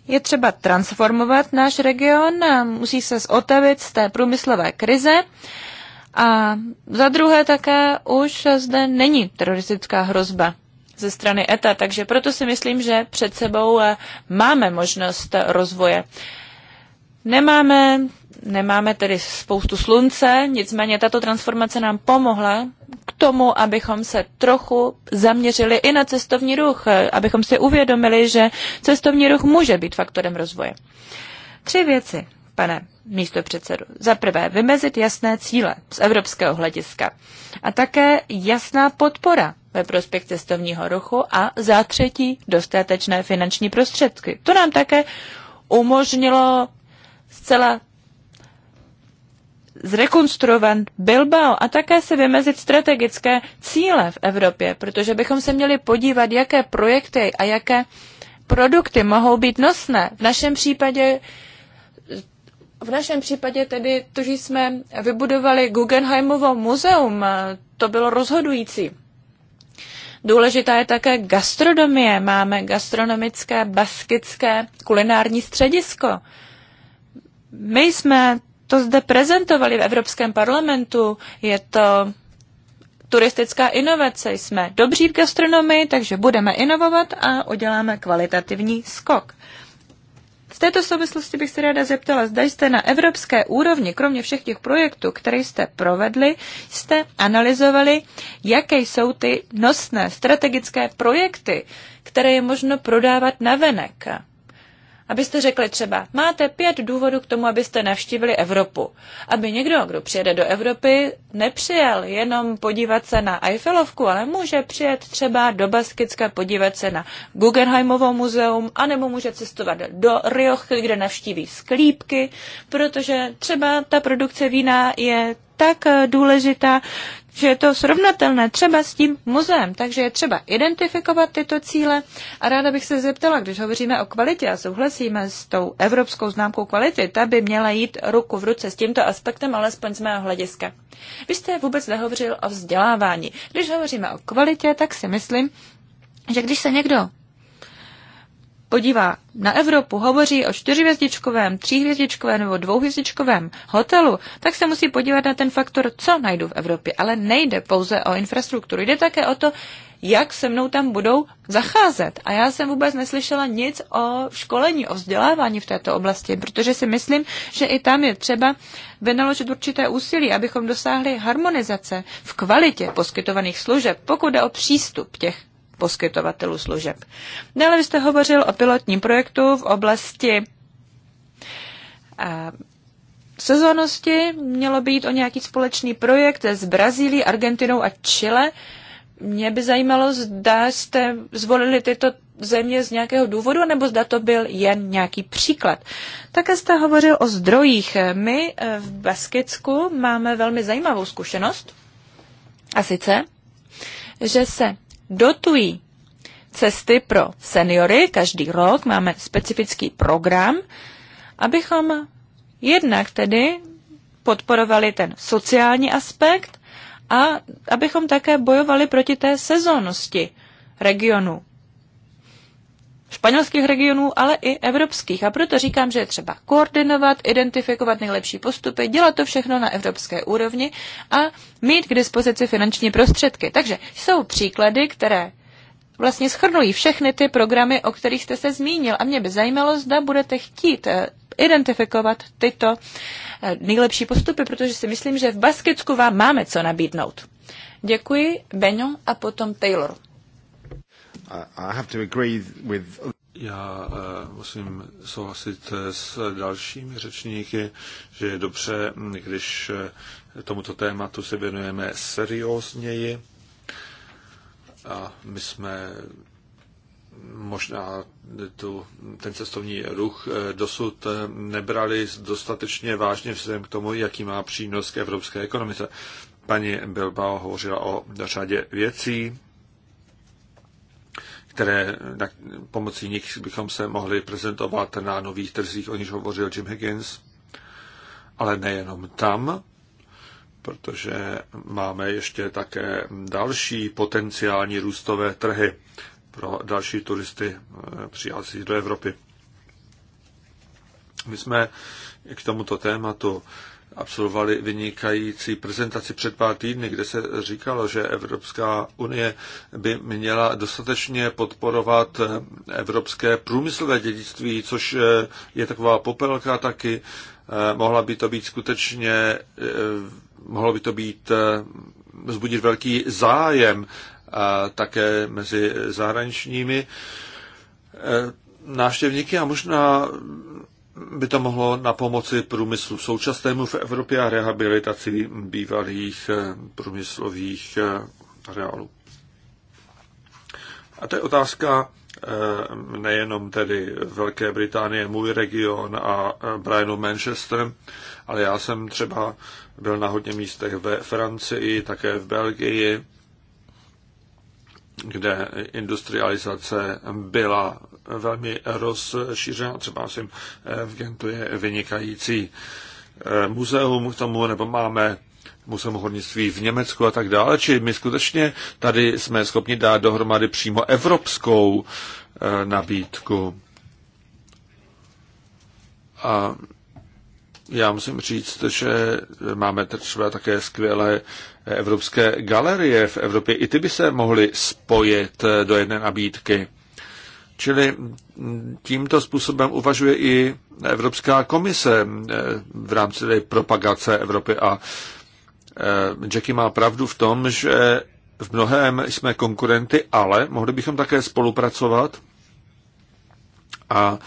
je třeba transformovat náš region, musí se zotavit z té průmyslové krize. A za druhé také už zde není teroristická hrozba ze strany ETA, takže proto si myslím, že před sebou eh, máme možnost rozvoje. Nemáme Nemáme tedy spoustu slunce, nicméně tato transformace nám pomohla k tomu, abychom se trochu zaměřili i na cestovní ruch, abychom si uvědomili, že cestovní ruch může být faktorem rozvoje. Tři věci, pane místo předsedu. Za prvé, vymezit jasné cíle z evropského hlediska a také jasná podpora ve prospěch cestovního ruchu a za třetí dostatečné finanční prostředky. To nám také umožnilo zcela zrekonstruovat Bilbao a také se vymezit strategické cíle v Evropě, protože bychom se měli podívat, jaké projekty a jaké produkty mohou být nosné. V našem případě v našem případě tedy to, že jsme vybudovali Guggenheimovo muzeum, to bylo rozhodující. Důležitá je také gastronomie. Máme gastronomické, baskické, kulinární středisko. My jsme to zde prezentovali v Evropském parlamentu. Je to turistická inovace. Jsme dobří v gastronomii, takže budeme inovovat a uděláme kvalitativní skok. V této souvislosti bych se ráda zeptala, zda jste na evropské úrovni, kromě všech těch projektů, které jste provedli, jste analyzovali, jaké jsou ty nosné strategické projekty, které je možno prodávat na venek. Abyste řekli třeba, máte pět důvodů k tomu, abyste navštívili Evropu. Aby někdo, kdo přijede do Evropy, nepřijel jenom podívat se na Eiffelovku, ale může přijet třeba do Baskicka podívat se na Guggenheimovo muzeum, anebo může cestovat do Riochy, kde navštíví sklípky, protože třeba ta produkce vína je tak důležitá, že je to srovnatelné třeba s tím muzeem, takže je třeba identifikovat tyto cíle a ráda bych se zeptala, když hovoříme o kvalitě a souhlasíme s tou evropskou známkou kvality, ta by měla jít ruku v ruce s tímto aspektem, alespoň z mého hlediska. Vy jste vůbec nehovořil o vzdělávání. Když hovoříme o kvalitě, tak si myslím, že když se někdo podívá na Evropu, hovoří o čtyřhvězdičkovém, tříhvězdičkovém nebo dvouhvězdičkovém hotelu, tak se musí podívat na ten faktor, co najdu v Evropě. Ale nejde pouze o infrastrukturu, jde také o to, jak se mnou tam budou zacházet. A já jsem vůbec neslyšela nic o školení, o vzdělávání v této oblasti, protože si myslím, že i tam je třeba vynaložit určité úsilí, abychom dosáhli harmonizace v kvalitě poskytovaných služeb, pokud jde o přístup těch poskytovatelů služeb. Dále jste hovořil o pilotním projektu v oblasti eh, sezónnosti. Mělo být o nějaký společný projekt s Brazílií, Argentinou a Chile. Mě by zajímalo, zda jste zvolili tyto země z nějakého důvodu, nebo zda to byl jen nějaký příklad. Také jste hovořil o zdrojích. My eh, v Baskicku máme velmi zajímavou zkušenost. A sice, že se dotují cesty pro seniory. Každý rok máme specifický program, abychom jednak tedy podporovali ten sociální aspekt a abychom také bojovali proti té sezónnosti regionu španělských regionů, ale i evropských. A proto říkám, že je třeba koordinovat, identifikovat nejlepší postupy, dělat to všechno na evropské úrovni a mít k dispozici finanční prostředky. Takže jsou příklady, které vlastně schrnují všechny ty programy, o kterých jste se zmínil. A mě by zajímalo, zda budete chtít eh, identifikovat tyto eh, nejlepší postupy, protože si myslím, že v Baskicku vám máme co nabídnout. Děkuji, Beňo a potom Taylor. I have to agree with... Já eh, musím souhlasit eh, s dalšími řečníky, že je dobře, mm, když eh, tomuto tématu se věnujeme seriózněji. A my jsme možná tu, ten cestovní ruch dosud nebrali dostatečně vážně vzhledem k tomu, jaký má přínos k evropské ekonomice. Paní Bilbao hovořila o řadě věcí, které, na, pomocí nich bychom se mohli prezentovat na nových trzích, o nich hovořil Jim Higgins, ale nejenom tam, protože máme ještě také další potenciální růstové trhy pro další turisty eh, přijácí do Evropy. My jsme k tomuto tématu absolvovali vynikající prezentaci před pár týdny, kde se říkalo, že Evropská unie by měla dostatečně podporovat evropské průmyslové dědictví, což eh, je taková popelka taky. Eh, mohla by to být skutečně, eh, mohlo by to být vzbudit velký zájem také mezi zahraničními návštěvníky a možná by to mohlo na pomoci průmyslu současnému v Evropě a rehabilitaci bývalých eh, průmyslových eh, areálů. A to je otázka eh, nejenom tedy Velké Británie, můj region a Brianu Manchester, ale já jsem třeba byl na hodně místech ve Francii, také v Belgii, kde industrializace byla velmi rozšířena, třeba jsem eh, v Gentu je vynikající eh, muzeum k tomu, nebo máme muzeum hornictví v Německu a tak dále, či my skutečně tady jsme schopni dát dohromady přímo evropskou eh, nabídku. A já musím říct, že máme třeba také skvělé evropské galerie v Evropě. I ty by se mohly spojit do jedné nabídky. Čili tímto způsobem uvažuje i Evropská komise eh, v rámci propagace Evropy a eh, Jackie má pravdu v tom, že v mnohém jsme konkurenty, ale mohli bychom také spolupracovat a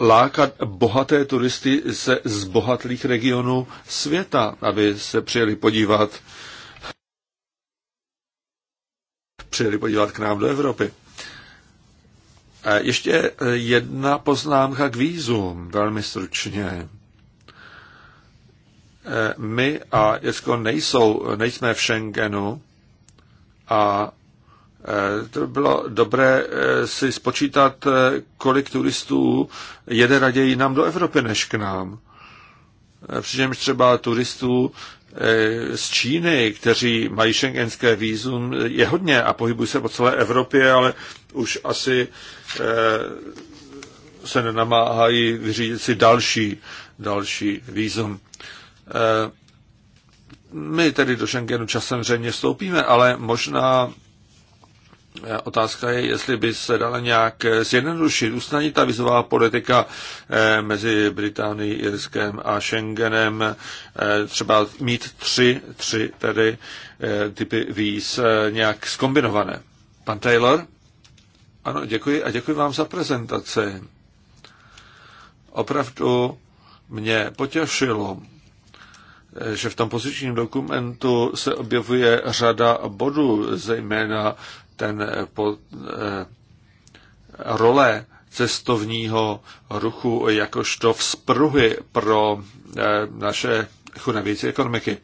lákat bohaté turisty ze zbohatlých regionů světa, aby se přijeli podívat přijeli podívat k nám do Evropy. Ještě eh, jedna poznámka k výzum, velmi stručně. Eh, my a Irsko nejsou, nejsme v Schengenu a eh, to bylo dobré si spočítat, kolik turistů jede raději nám do Evropy než k nám. Přičemž třeba turistů z Číny, kteří mají šengenské výzum, je hodně a pohybují se po celé Evropě, ale už asi eh, se nenamáhají vyřídit si další, další výzum. Eh, my tedy do Schengenu časem zřejmě vstoupíme, ale možná eh, Otázka je, jestli by se dala nějak zjednodušit, usnadnit ta vizová politika mezi Británií, Irskem a Schengenem, třeba mít tři, tři tedy typy víz nějak skombinované. Pan Taylor? Ano, děkuji a děkuji vám za prezentaci. Opravdu mě potěšilo, že v tom pozičním dokumentu se objevuje řada bodů, zejména ten po, eh, role cestovního ruchu jakožto vzpruhy pro eh, naše chudavějící jako ekonomiky.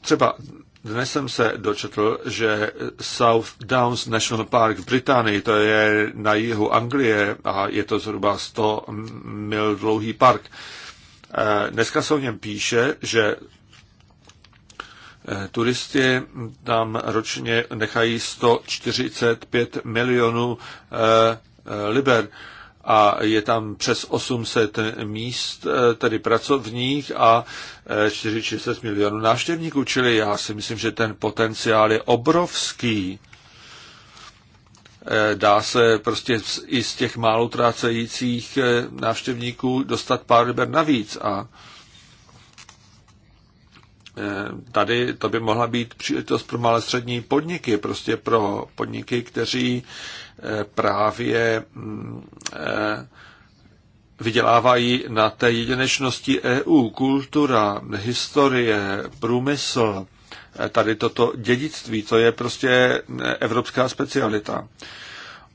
Třeba dnes jsem se dočetl, že South Downs National Park v Británii, to je na jihu Anglie a je to zhruba 100 mil dlouhý park. Eh, dneska se o něm píše, že eh, turisti tam ročně nechají 145 milionů eh, liber a je tam přes 800 míst, eh, tedy pracovních a 460 eh, milionů návštěvníků, čili já si myslím, že ten potenciál je obrovský. Eh, dá se prostě i z těch málo trácejících návštěvníků dostat pár liber navíc a Eh, tady to by mohla být příležitost pro malé střední podniky, prostě pro podniky, kteří eh, právě mm, eh, vydělávají na té jedinečnosti EU, kultura, historie, průmysl, tady toto dědictví, to je prostě evropská specialita.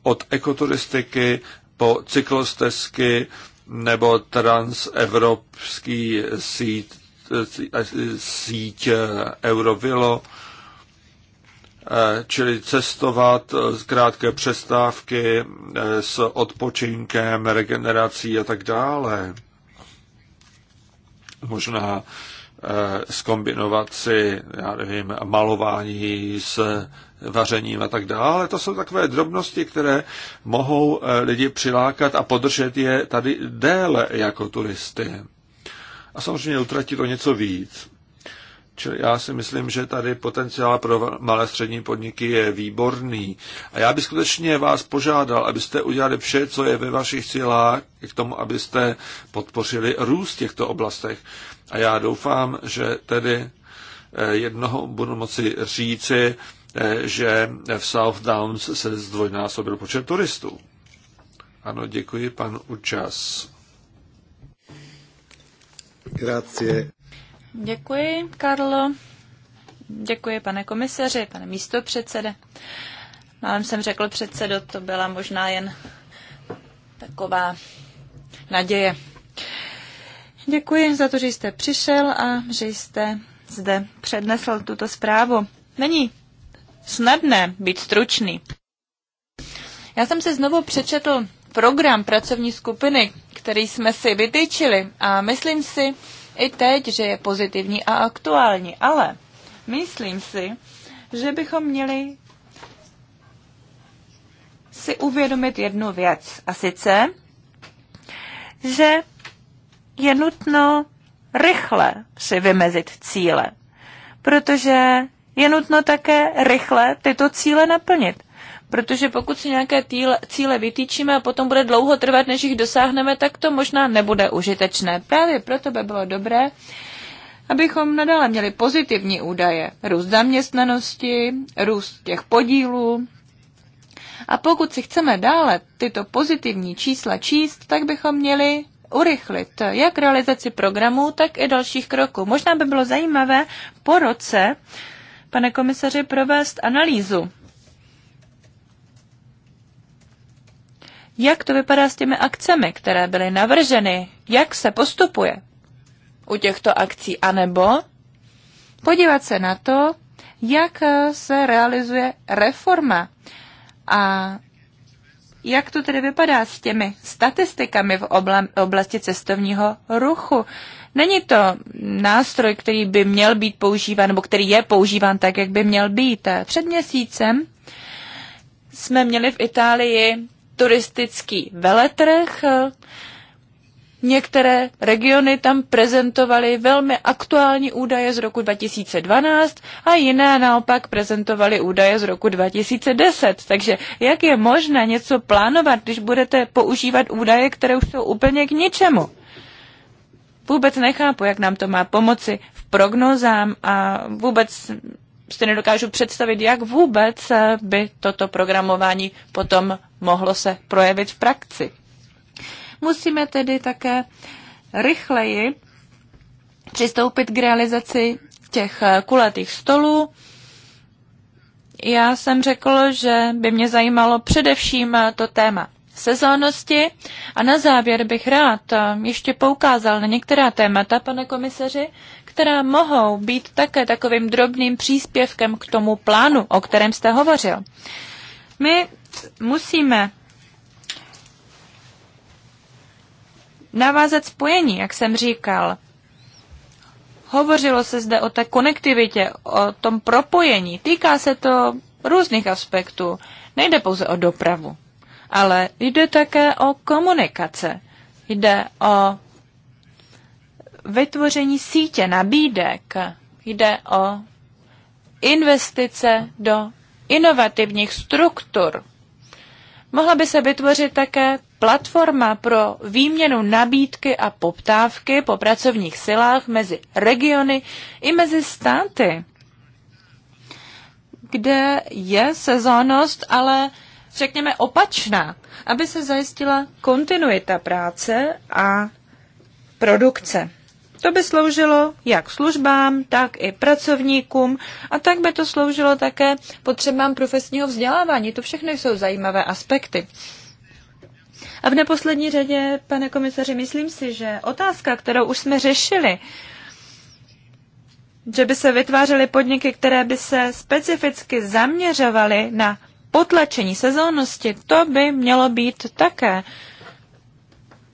Od ekoturistiky po cyklostezky nebo transevropský sít, síť eh, Eurovilo, eh, čili cestovat eh, z krátké přestávky s odpočinkem, regenerací a tak dále. Možná skombinovat si, já nevím, malování s vařením a tak dále. To jsou takové drobnosti, které mohou lidi přilákat a podržet je tady déle jako turisty a samozřejmě utratí to něco víc. Čili já si myslím, že tady potenciál pro malé střední podniky je výborný. A já bych skutečně vás požádal, abyste udělali vše, co je ve vašich silách, k tomu, abyste podpořili růst v těchto oblastech. A já doufám, že tedy eh, jednoho budu moci říci, eh, že v South Downs se zdvojnásobil počet turistů. Ano, děkuji, pan Učas. Grazie. Děkuji, Karlo. Děkuji, pane komisaři, pane místopředsede. Málem jsem řekl předsedo, to byla možná jen taková naděje. Děkuji za to, že jste přišel a že jste zde přednesl tuto zprávu. Není snadné být stručný. Já jsem si znovu přečetl program pracovní skupiny, který jsme si vytyčili a myslím si i teď, že je pozitivní a aktuální, ale myslím si, že bychom měli si uvědomit jednu věc a sice, že je nutno rychle si vymezit cíle, protože je nutno také rychle tyto cíle naplnit. Protože pokud si nějaké týle, cíle vytýčíme a potom bude dlouho trvat, než jich dosáhneme, tak to možná nebude užitečné. Právě proto by bylo dobré, abychom nadále měli pozitivní údaje. Růst zaměstnanosti, růst těch podílů. A pokud si chceme dále tyto pozitivní čísla číst, tak bychom měli urychlit jak realizaci programů, tak i dalších kroků. Možná by bylo zajímavé po roce, pane komisaři, provést analýzu Jak to vypadá s těmi akcemi, které byly navrženy? Jak se postupuje u těchto akcí? A nebo podívat se na to, jak se realizuje reforma a jak to tedy vypadá s těmi statistikami v oblasti cestovního ruchu? Není to nástroj, který by měl být používán, nebo který je používán tak, jak by měl být. Před měsícem jsme měli v Itálii turistický veletrh. Některé regiony tam prezentovaly velmi aktuální údaje z roku 2012 a jiné naopak prezentovaly údaje z roku 2010. Takže jak je možné něco plánovat, když budete používat údaje, které už jsou úplně k ničemu? Vůbec nechápu, jak nám to má pomoci v prognozám a vůbec si nedokážu představit, jak vůbec eh, by toto programování potom mohlo se projevit v praxi. Musíme tedy také rychleji přistoupit k realizaci těch eh, kulatých stolů. Já jsem řekl, že by mě zajímalo především eh, to téma sezónnosti a na závěr bych rád ještě poukázal na některá témata, pane komisaři, která mohou být také takovým drobným příspěvkem k tomu plánu, o kterém jste hovořil. My musíme navázat spojení, jak jsem říkal. Hovořilo se zde o té konektivitě, o tom propojení. Týká se to různých aspektů. Nejde pouze o dopravu, ale jde také o komunikace. Jde o vytvoření sítě nabídek. Jde o investice do inovativních struktur. Mohla by se vytvořit také platforma pro výměnu nabídky a poptávky po pracovních silách mezi regiony i mezi státy, kde je sezónnost, ale řekněme opačná, aby se zajistila kontinuita práce a produkce. To by sloužilo jak službám, tak i pracovníkům a tak by to sloužilo také potřebám profesního vzdělávání. To všechno jsou zajímavé aspekty. A v neposlední řadě, pane komisaři, myslím si, že otázka, kterou už jsme řešili, že by se vytvářely podniky, které by se specificky zaměřovaly na potlačení sezónnosti, to by mělo být také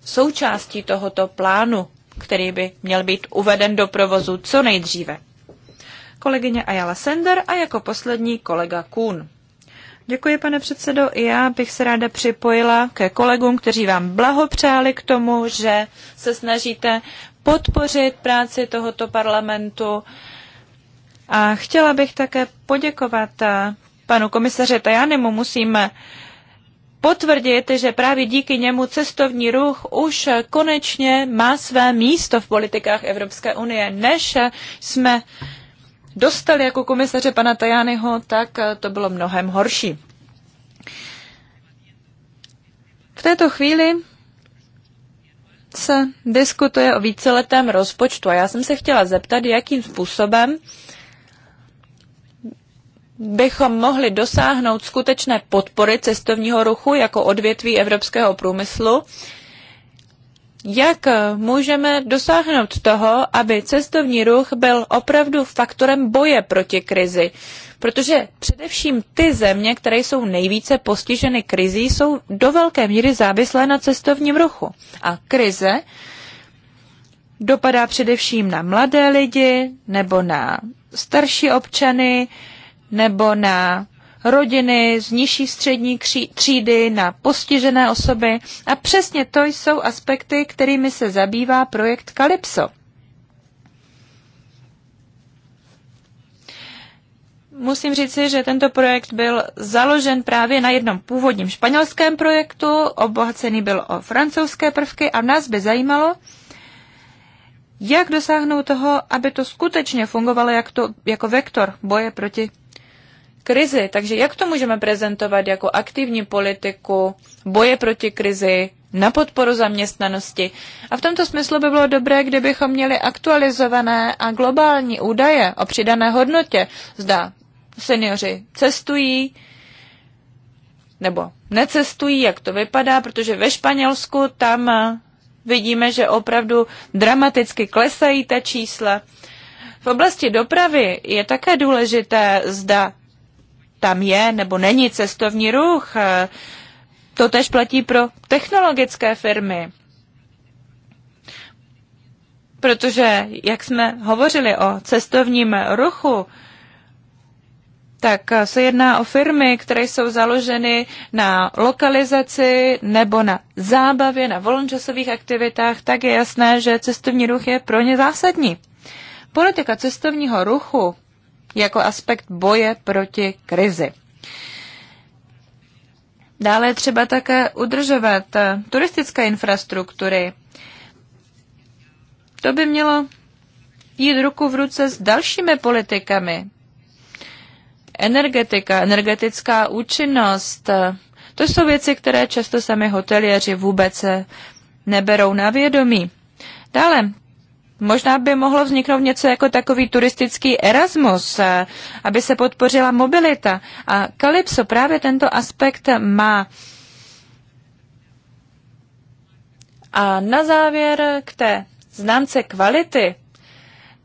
součástí tohoto plánu který by měl být uveden do provozu co nejdříve. Kolegyně Ayala Sender a jako poslední kolega Kuhn. Děkuji, pane předsedo. I já bych se ráda připojila ke kolegům, kteří vám blahopřáli k tomu, že se snažíte podpořit práci tohoto parlamentu. A chtěla bych také poděkovat panu komisaře. Tajanemu. Musíme potvrdit, že právě díky němu cestovní ruch už konečně má své místo v politikách Evropské unie. Než jsme dostali jako komisaře pana Tajányho, tak to bylo mnohem horší. V této chvíli se diskutuje o víceletém rozpočtu a já jsem se chtěla zeptat, jakým způsobem bychom mohli dosáhnout skutečné podpory cestovního ruchu jako odvětví evropského průmyslu, jak můžeme dosáhnout toho, aby cestovní ruch byl opravdu faktorem boje proti krizi? Protože především ty země, které jsou nejvíce postiženy krizí, jsou do velké míry závislé na cestovním ruchu. A krize dopadá především na mladé lidi nebo na starší občany, nebo na rodiny z nižší střední třídy, na postižené osoby. A přesně to jsou aspekty, kterými se zabývá projekt Calypso. Musím říci, že tento projekt byl založen právě na jednom původním španělském projektu, obohacený byl o francouzské prvky a nás by zajímalo, jak dosáhnout toho, aby to skutečně fungovalo jak to, jako vektor boje proti krizi. Takže jak to můžeme prezentovat jako aktivní politiku boje proti krizi, na podporu zaměstnanosti. A v tomto smyslu by bylo dobré, kdybychom měli aktualizované a globální údaje o přidané hodnotě. Zda seniori cestují nebo necestují, jak to vypadá, protože ve Španělsku tam eh, vidíme, že opravdu dramaticky klesají ta čísla. V oblasti dopravy je také důležité, zda tam je nebo není cestovní ruch. Eh, to tež platí pro technologické firmy. Protože, jak jsme hovořili o cestovním ruchu, tak eh, se jedná o firmy, které jsou založeny na lokalizaci nebo na zábavě, na volnočasových aktivitách, tak je jasné, že cestovní ruch je pro ně zásadní. Politika cestovního ruchu jako aspekt boje proti krizi. Dále je třeba také udržovat turistické infrastruktury. To by mělo jít ruku v ruce s dalšími politikami. Energetika, energetická účinnost, to jsou věci, které často sami hoteliéři vůbec neberou na vědomí. Dále Možná by mohlo vzniknout něco jako takový turistický Erasmus, eh, aby se podpořila mobilita. A Kalypso právě tento aspekt má. A na závěr k té známce kvality,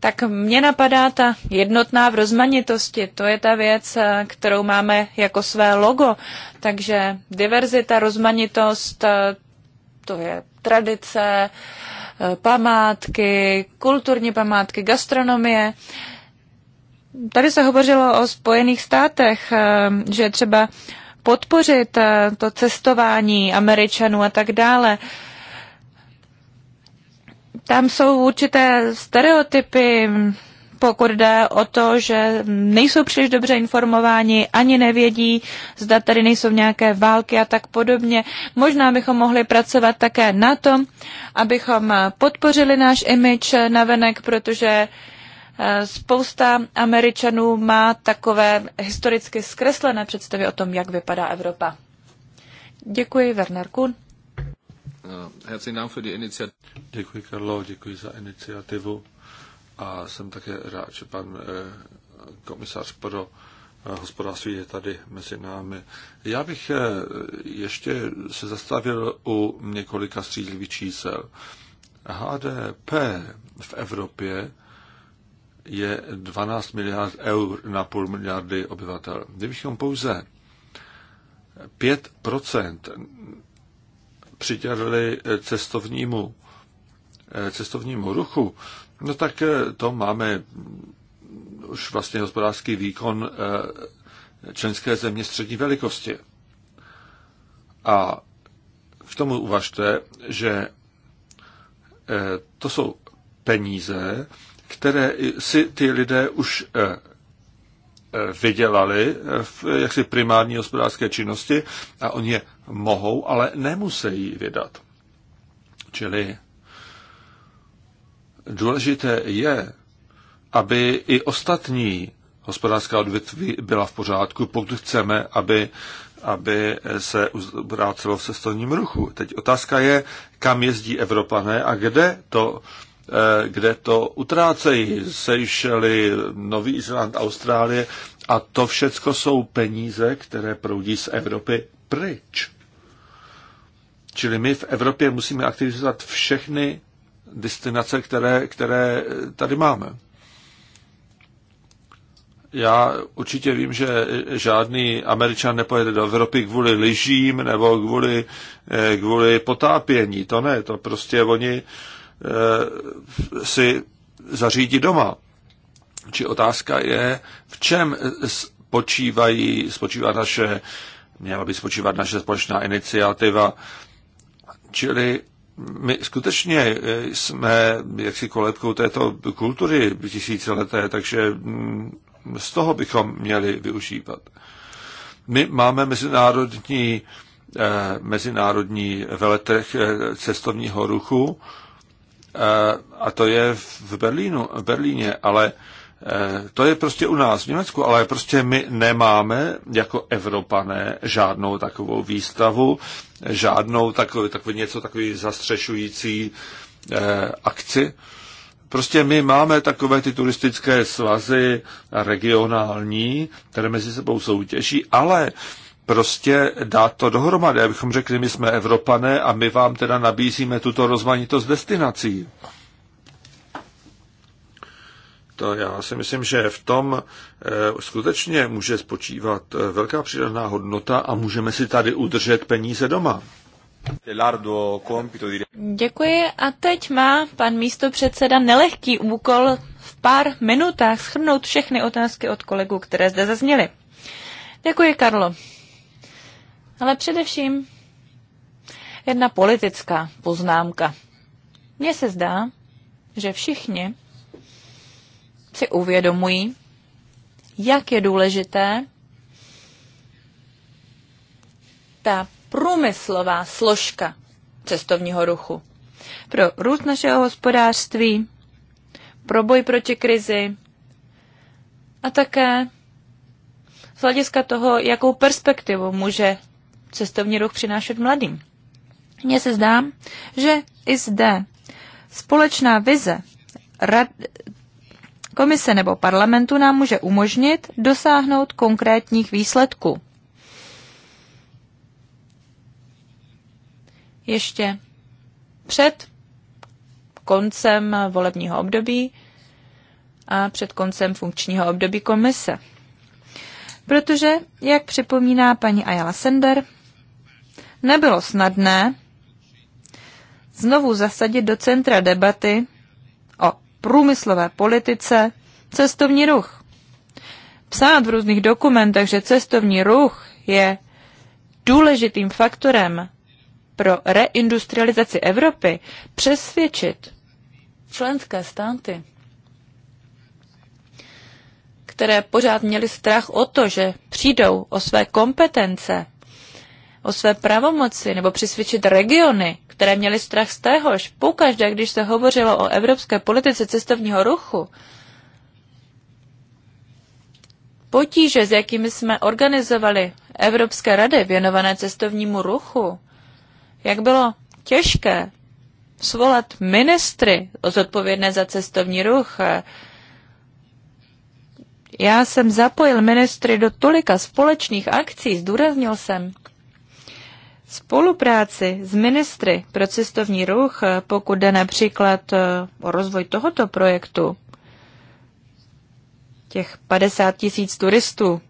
tak mě napadá ta jednotná v rozmanitosti. To je ta věc, eh, kterou máme jako své logo. Takže diverzita, rozmanitost, eh, to je tradice, uh, památky, kulturní památky, gastronomie. Tady se hovořilo o Spojených státech, eh, že třeba podpořit eh, to cestování Američanů a tak dále. Tam jsou určité stereotypy, pokud jde o to, že nejsou příliš dobře informováni, ani nevědí, zda tady nejsou nějaké války a tak podobně. Možná bychom mohli pracovat také na tom, abychom podpořili náš image navenek, protože eh, spousta Američanů má takové historicky zkreslené představy o tom, jak vypadá Evropa. Děkuji, Werner Kuhn. Eh, herzlichen Dank für die Initiative. Děkuji, Karlo, děkuji za iniciativu a jsem také rád, že pan eh, komisař pro eh, hospodářství je tady mezi námi. Já bych eh, ještě se zastavil u několika střízlivých čísel. HDP v Evropě je 12 miliard eur na půl miliardy obyvatel. Kdybychom pouze 5 přidělili cestovnímu, cestovnímu ruchu, No tak eh, to máme už vlastně hospodářský výkon eh, členské země střední velikosti. A k tomu uvažte, že eh, to jsou peníze, které si ty lidé už vydělali v jaksi primární hospodářské činnosti a oni je mohou, ale nemusí vydat. Čili důležité je, aby i ostatní hospodářská odvětví byla v pořádku, pokud chceme, aby, aby se vrátilo v cestovním ruchu. Teď otázka je, kam jezdí Evropané a kde to, eh, kde to utrácejí. Seychely, Nový Zéland, Austrálie a to všecko jsou peníze, které proudí z Evropy pryč. Čili my v Evropě musíme aktivizovat všechny destinace, které, které tady máme. Já určitě vím, že žádný Američan nepojede do Evropy kvůli lyžím nebo kvůli, eh, kvůli potápění. To ne, to prostě oni eh, si zařídí doma. Či otázka je, v čem spočívají, spočívá naše, měla by spočívat naše společná iniciativa, čili my skutečně jsme jaksi kolebkou této kultury tisícileté, takže mm, z toho bychom měli využívat. My máme mezinárodní, eh, mezinárodní veletrh eh, cestovního ruchu eh, a to je v Berlínu, Berlíně, ale Eh, to je prostě u nás v Německu, ale prostě my nemáme jako Evropané žádnou takovou výstavu, žádnou takový, takový něco takový zastřešující eh, akci. Prostě my máme takové ty turistické svazy regionální, které mezi sebou soutěží, ale prostě dát to dohromady, abychom řekli, my jsme Evropané a my vám teda nabízíme tuto rozmanitost destinací. To já si myslím, že v tom eh, skutečně může spočívat eh, velká přidaná hodnota a můžeme si tady udržet peníze doma. Děkuji a teď má pan místo předseda nelehký úkol v pár minutách schrnout všechny otázky od kolegů, které zde zazněly. Děkuji, Karlo. Ale především jedna politická poznámka. Mně se zdá, že všichni si uvědomují, jak je důležité ta průmyslová složka cestovního ruchu. Pro růst našeho hospodářství, pro boj proti krizi a také z hlediska toho, jakou perspektivu může cestovní ruch přinášet mladým. Mně se zdá, že i zde společná vize komise nebo parlamentu nám může umožnit dosáhnout konkrétních výsledků. Ještě před koncem volebního období a před koncem funkčního období komise. Protože, jak připomíná paní Ayala Sender, nebylo snadné znovu zasadit do centra debaty průmyslové politice cestovní ruch. Psát v různých dokumentech, že cestovní ruch je důležitým faktorem pro reindustrializaci Evropy, přesvědčit členské státy, které pořád měly strach o to, že přijdou o své kompetence, o své pravomoci nebo přisvědčit regiony, které měly strach z téhož. Pokaždé, když se hovořilo o evropské politice cestovního ruchu, potíže, s jakými jsme organizovali Evropské rady věnované cestovnímu ruchu, jak bylo těžké svolat ministry zodpovědné za cestovní ruch. Já jsem zapojil ministry do tolika společných akcí, zdůraznil jsem, spolupráci s ministry pro cestovní ruch, pokud jde například eh, o rozvoj tohoto projektu, těch 50 tisíc turistů,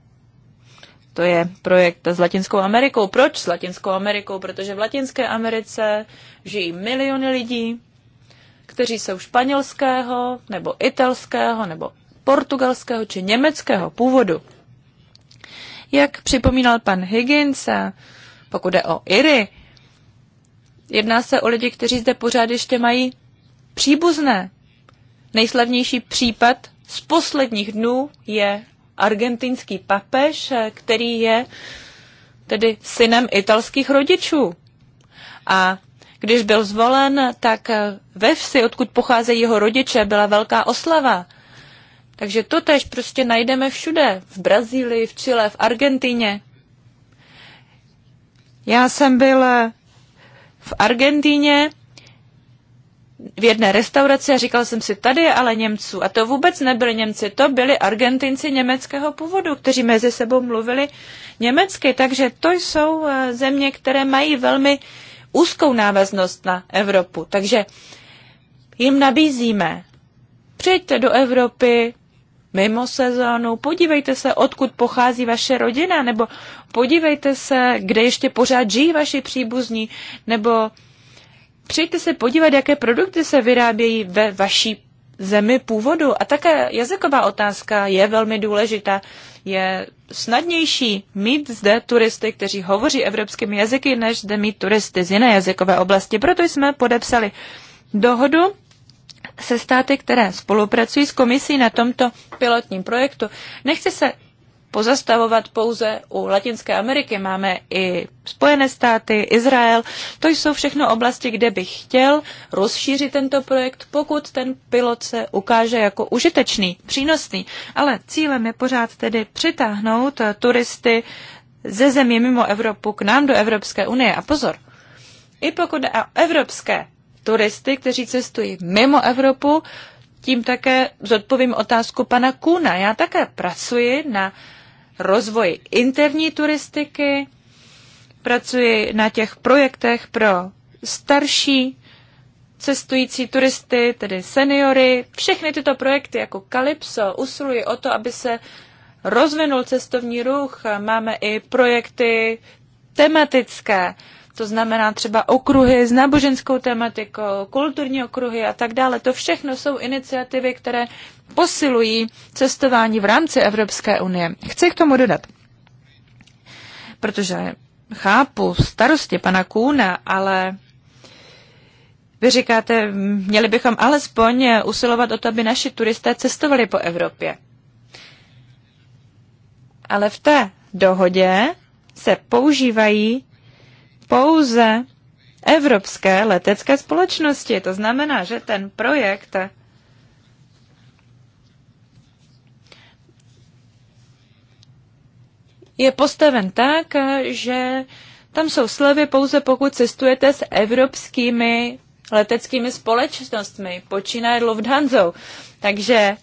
to je projekt s Latinskou Amerikou. Proč s Latinskou Amerikou? Protože v Latinské Americe žijí miliony lidí, kteří jsou španělského, nebo italského, nebo portugalského či německého původu. Jak připomínal pan Higgins, pokud jde o Iry, jedná se o lidi, kteří zde pořád ještě mají příbuzné. Nejslavnější případ z posledních dnů je argentinský papež, který je tedy synem italských rodičů. A když byl zvolen, tak ve vsi, odkud pocházejí jeho rodiče, byla velká oslava. Takže to tež prostě najdeme všude. V Brazílii, v Chile, v Argentině. Já jsem byl v Argentíně v jedné restauraci a říkal jsem si, tady ale Němců. A to vůbec nebyli Němci, to byli Argentinci německého původu, kteří mezi sebou mluvili německy. Takže to jsou eh, země, které mají velmi úzkou návaznost na Evropu. Takže jim nabízíme, přijďte do Evropy, mimo sezónu, podívejte se, odkud pochází vaše rodina, nebo podívejte se, kde ještě pořád žijí vaši příbuzní, nebo přijďte se podívat, jaké produkty se vyrábějí ve vaší zemi původu. A také jazyková otázka je velmi důležitá. Je snadnější mít zde turisty, kteří hovoří evropskými jazyky, než zde mít turisty z jiné jazykové oblasti. Proto jsme podepsali dohodu se státy, které spolupracují s komisí na tomto pilotním projektu. Nechci se pozastavovat pouze u Latinské Ameriky. Máme i Spojené státy, Izrael. To jsou všechno oblasti, kde bych chtěl rozšířit tento projekt, pokud ten pilot se ukáže jako užitečný, přínosný. Ale cílem je pořád tedy přitáhnout turisty ze zemí mimo Evropu k nám do Evropské unie. A pozor, i pokud o evropské turisty, kteří cestují mimo Evropu, tím také zodpovím otázku pana Kuna. Já také pracuji na rozvoji interní turistiky, pracuji na těch projektech pro starší cestující turisty, tedy seniory. Všechny tyto projekty jako Calypso usilují o to, aby se rozvinul cestovní ruch. Máme i projekty tematické, to znamená třeba okruhy s náboženskou tematikou, kulturní okruhy a tak dále. To všechno jsou iniciativy, které posilují cestování v rámci Evropské unie. Chci k tomu dodat, protože chápu starosti pana Kůna, ale vy říkáte, měli bychom alespoň usilovat o to, aby naši turisté cestovali po Evropě. Ale v té dohodě se používají pouze evropské letecké společnosti. To znamená, že ten projekt je postaven tak, že tam jsou slevy pouze pokud cestujete s evropskými leteckými společnostmi, počínaje Lufthansa. Takže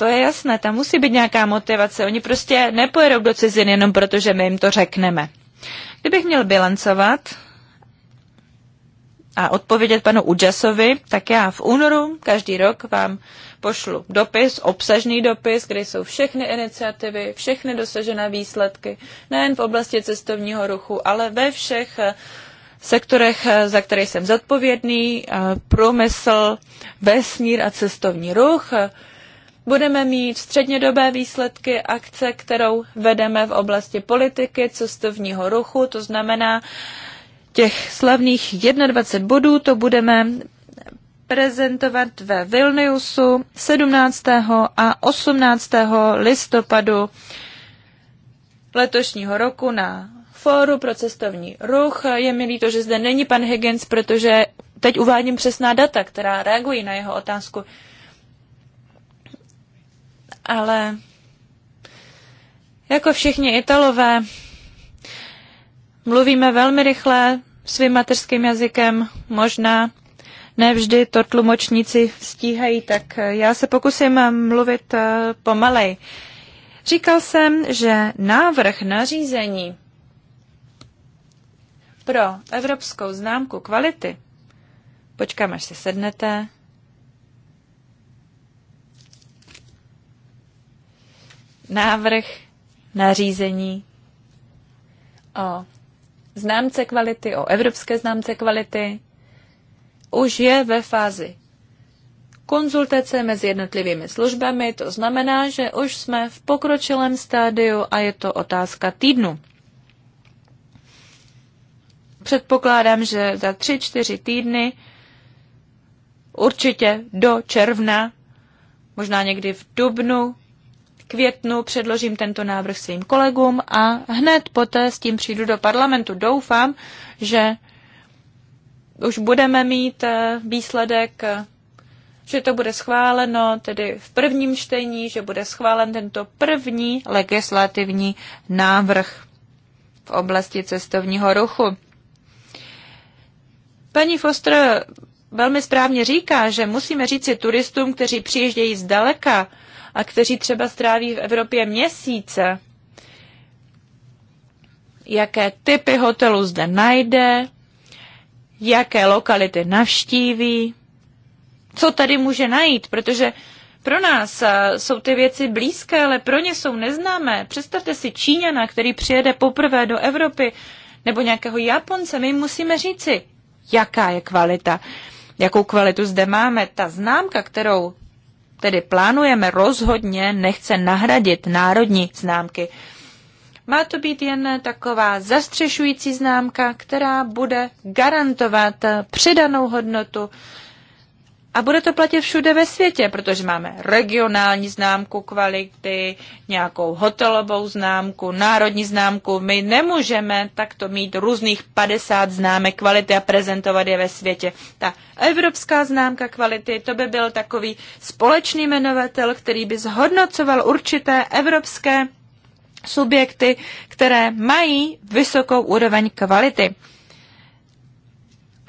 to je jasné, tam musí být nějaká motivace. Oni prostě nepojedou do cizin jenom proto, že my jim to řekneme. Kdybych měl bilancovat a odpovědět panu Udžasovi, tak já v únoru každý rok vám pošlu dopis, obsažný dopis, kde jsou všechny iniciativy, všechny dosažené výsledky, nejen v oblasti cestovního ruchu, ale ve všech eh, sektorech, eh, za které jsem zodpovědný, eh, průmysl, vesmír a cestovní ruch budeme mít střednědobé výsledky akce, kterou vedeme v oblasti politiky, cestovního ruchu, to znamená těch slavných 21 bodů, to budeme prezentovat ve Vilniusu 17. a 18. listopadu letošního roku na Fóru pro cestovní ruch. Je mi líto, že zde není pan Higgins, protože teď uvádím přesná data, která reagují na jeho otázku ale jako všichni Italové mluvíme velmi rychle svým mateřským jazykem, možná nevždy to tlumočníci stíhají, tak já se pokusím mluvit eh, pomalej. Říkal jsem, že návrh nařízení pro evropskou známku kvality, počkám, až se sednete, návrh nařízení o známce kvality, o evropské známce kvality, už je ve fázi konzultace mezi jednotlivými službami, to znamená, že už jsme v pokročilém stádiu a je to otázka týdnu. Předpokládám, že za tři, čtyři týdny, určitě do června, možná někdy v dubnu, květnu předložím tento návrh svým kolegům a hned poté s tím přijdu do parlamentu. Doufám, že už budeme mít eh, výsledek, eh, že to bude schváleno tedy v prvním čtení, že bude schválen tento první legislativní návrh v oblasti cestovního ruchu. Paní Foster velmi správně říká, že musíme říci turistům, kteří přijíždějí zdaleka, a kteří třeba stráví v Evropě měsíce, jaké typy hotelů zde najde, jaké lokality navštíví, co tady může najít, protože pro nás eh, jsou ty věci blízké, ale pro ně jsou neznámé. Představte si Číňana, který přijede poprvé do Evropy, nebo nějakého Japonce, my musíme říci, jaká je kvalita, jakou kvalitu zde máme. Ta známka, kterou tedy plánujeme, rozhodně nechce nahradit národní známky. Má to být jen taková zastřešující známka, která bude garantovat přidanou hodnotu a bude to platit všude ve světě, protože máme regionální známku kvality, nějakou hotelovou známku, národní známku. My nemůžeme takto mít různých 50 známek kvality a prezentovat je ve světě. Ta evropská známka kvality, to by byl takový společný jmenovatel, který by zhodnocoval určité evropské subjekty, které mají vysokou úroveň kvality.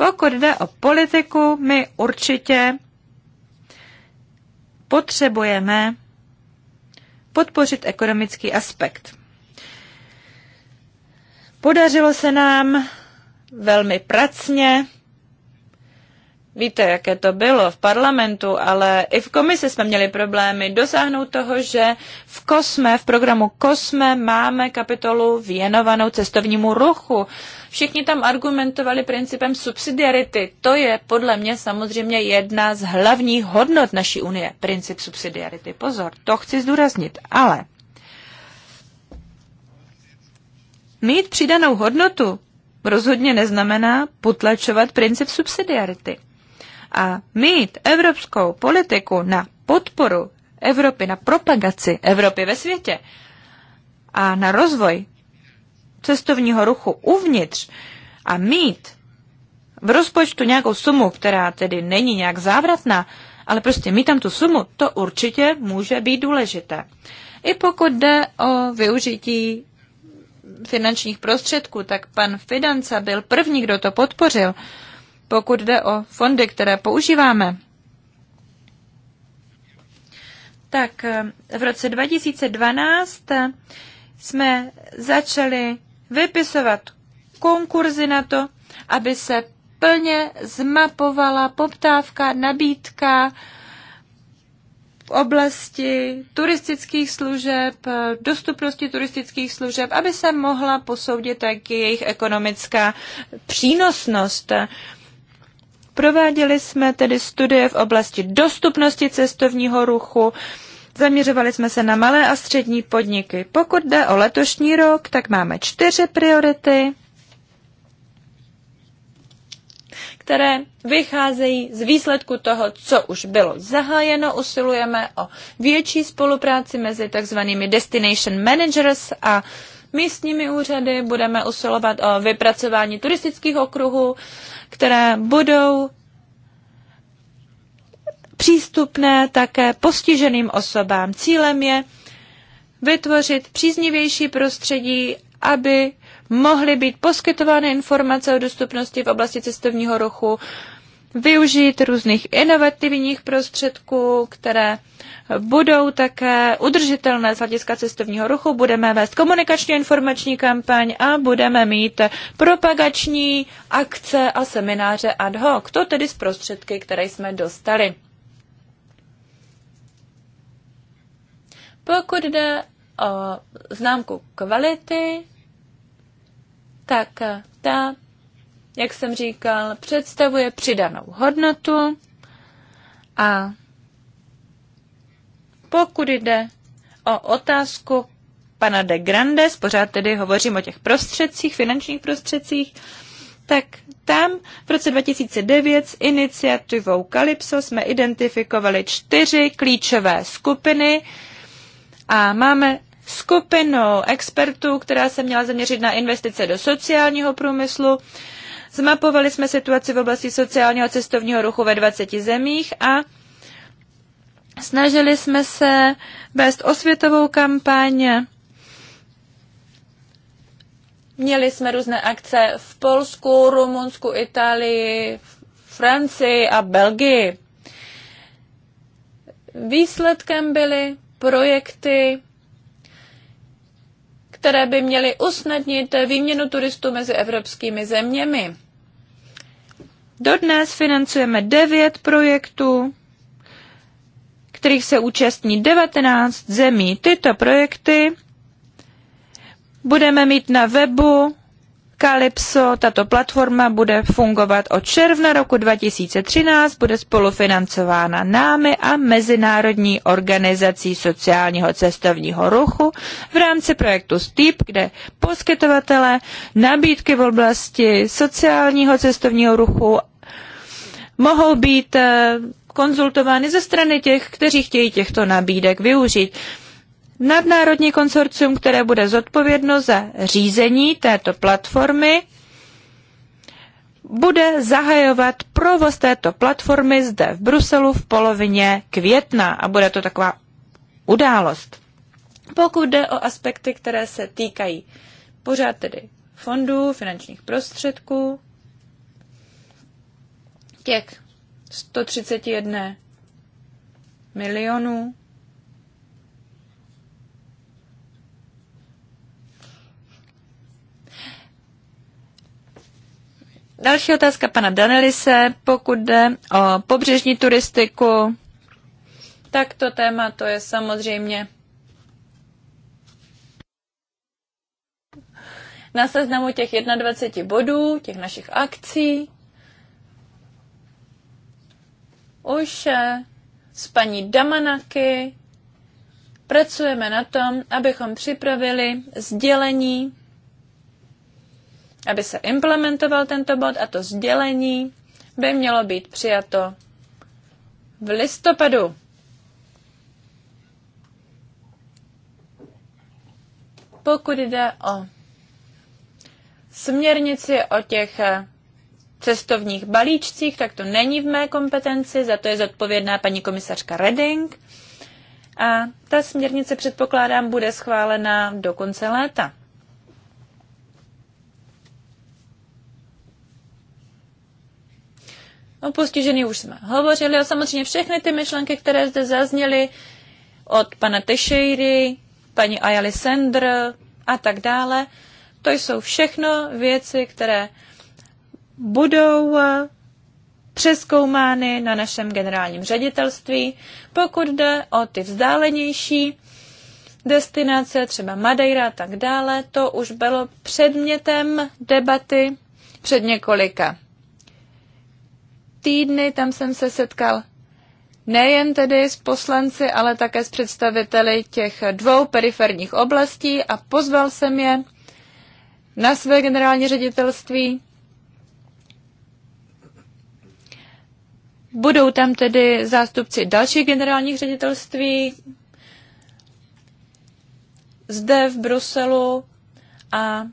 Pokud jde o politiku, my určitě potřebujeme podpořit ekonomický aspekt. Podařilo se nám velmi pracně. Víte, jaké to bylo v parlamentu, ale i v komisi jsme měli problémy dosáhnout toho, že v Kosme, v programu Kosme máme kapitolu věnovanou cestovnímu ruchu. Všichni tam argumentovali principem subsidiarity. To je podle mě samozřejmě jedna z hlavních hodnot naší unie. Princip subsidiarity. Pozor, to chci zdůraznit. Ale mít přidanou hodnotu rozhodně neznamená potlačovat princip subsidiarity. A mít evropskou politiku na podporu Evropy, na propagaci Evropy ve světě a na rozvoj, cestovního ruchu uvnitř a mít v rozpočtu nějakou sumu, která tedy není nějak závratná, ale prostě mít tam tu sumu, to určitě může být důležité. I pokud jde o využití finančních prostředků, tak pan Fidanca byl první, kdo to podpořil. Pokud jde o fondy, které používáme, tak v roce 2012 jsme začali vypisovat konkurzy na to, aby se plně zmapovala poptávka, nabídka v oblasti turistických služeb, dostupnosti turistických služeb, aby se mohla posoudit taky jejich ekonomická přínosnost. Prováděli jsme tedy studie v oblasti dostupnosti cestovního ruchu, Zaměřovali jsme se na malé a střední podniky. Pokud jde o letošní rok, tak máme čtyři priority, které vycházejí z výsledku toho, co už bylo zahájeno. Usilujeme o větší spolupráci mezi takzvanými destination managers a místními úřady. Budeme usilovat o vypracování turistických okruhů, které budou přístupné také postiženým osobám. Cílem je vytvořit příznivější prostředí, aby mohly být poskytovány informace o dostupnosti v oblasti cestovního ruchu, využít různých inovativních prostředků, které budou také udržitelné z hlediska cestovního ruchu. Budeme vést komunikačně informační kampaň a budeme mít propagační akce a semináře ad hoc. To tedy z prostředky, které jsme dostali. Pokud jde o známku kvality, tak ta, jak jsem říkal, představuje přidanou hodnotu a pokud jde o otázku pana de Grandes, pořád tedy hovořím o těch prostředcích, finančních prostředcích, tak tam v roce 2009 s iniciativou Calypso jsme identifikovali čtyři klíčové skupiny, a máme skupinu expertů, která se měla zaměřit na investice do sociálního průmyslu. Zmapovali jsme situaci v oblasti sociálního a cestovního ruchu ve 20 zemích a snažili jsme se vést osvětovou kampaň. Měli jsme různé akce v Polsku, Rumunsku, Itálii, Francii a Belgii. Výsledkem byly projekty, které by měly usnadnit výměnu turistů mezi evropskými zeměmi. Dodnes financujeme devět projektů, kterých se účastní 19 zemí. Tyto projekty budeme mít na webu Calypso, tato platforma bude fungovat od června roku 2013, bude spolufinancována námi a Mezinárodní organizací sociálního cestovního ruchu v rámci projektu STEEP, kde poskytovatele nabídky v oblasti sociálního cestovního ruchu mohou být eh, konzultovány ze strany těch, kteří chtějí těchto nabídek využít nadnárodní konsorcium, které bude zodpovědno za řízení této platformy, bude zahajovat provoz této platformy zde v Bruselu v polovině května a bude to taková událost. Pokud jde o aspekty, které se týkají pořád tedy fondů, finančních prostředků, těch 131 milionů Další otázka pana Danelise. Pokud jde o pobřežní turistiku, tak to téma to je samozřejmě na seznamu těch 21 bodů, těch našich akcí. Už eh, s paní Damanaky pracujeme na tom, abychom připravili sdělení aby se implementoval tento bod a to sdělení by mělo být přijato v listopadu. Pokud jde o směrnici o těch eh, cestovních balíčcích, tak to není v mé kompetenci, za to je zodpovědná paní komisařka Reding. A ta směrnice, předpokládám, bude schválena do konce léta. O postižení už jsme hovořili a samozřejmě všechny ty myšlenky, které zde zazněly od pana Tešejry, paní Ayali Sender a tak dále, to jsou všechno věci, které budou eh, přeskoumány na našem generálním ředitelství. Pokud jde o ty vzdálenější destinace, třeba Madeira a tak dále, to už bylo předmětem debaty před několika týdny tam jsem se setkal nejen tedy s poslanci, ale také s představiteli těch dvou periferních oblastí a pozval jsem je na své generální ředitelství. Budou tam tedy zástupci dalších generálních ředitelství zde v Bruselu a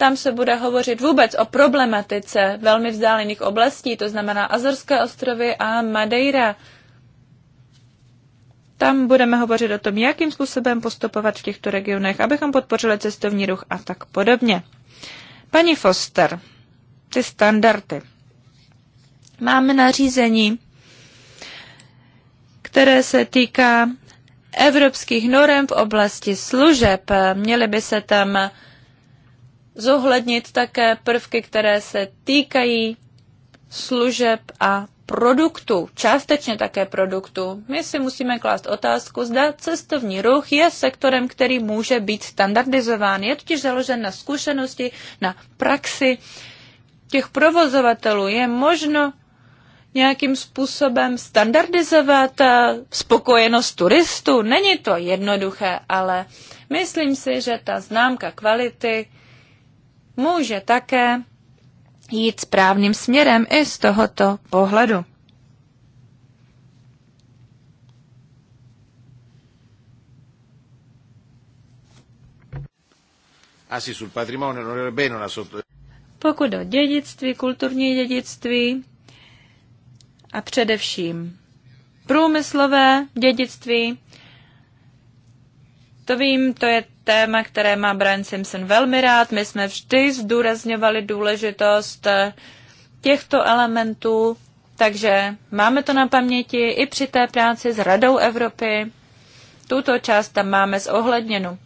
tam se bude hovořit vůbec o problematice velmi vzdálených oblastí, to znamená Azorské ostrovy a Madeira. Tam budeme hovořit o tom, jakým způsobem postupovat v těchto regionech, abychom podpořili cestovní ruch a tak podobně. Paní Foster, ty standardy. Máme nařízení, které se týká evropských norem v oblasti služeb. Měly by se tam zohlednit také prvky, které se týkají služeb a produktů, částečně také produktů. My si musíme klást otázku, zda cestovní ruch je sektorem, který může být standardizován. Je totiž založen na zkušenosti, na praxi těch provozovatelů. Je možno nějakým způsobem standardizovat eh, spokojenost turistů. Není to jednoduché, ale myslím si, že ta známka kvality může také jít správným směrem i z tohoto pohledu. Ah, Pokud o dědictví, kulturní dědictví a především průmyslové dědictví, to vím, to je téma, které má Brian Simpson velmi rád. My jsme vždy zdůrazňovali důležitost eh, těchto elementů, takže máme to na paměti i při té práci s Radou Evropy. Tuto část tam máme zohledněnu.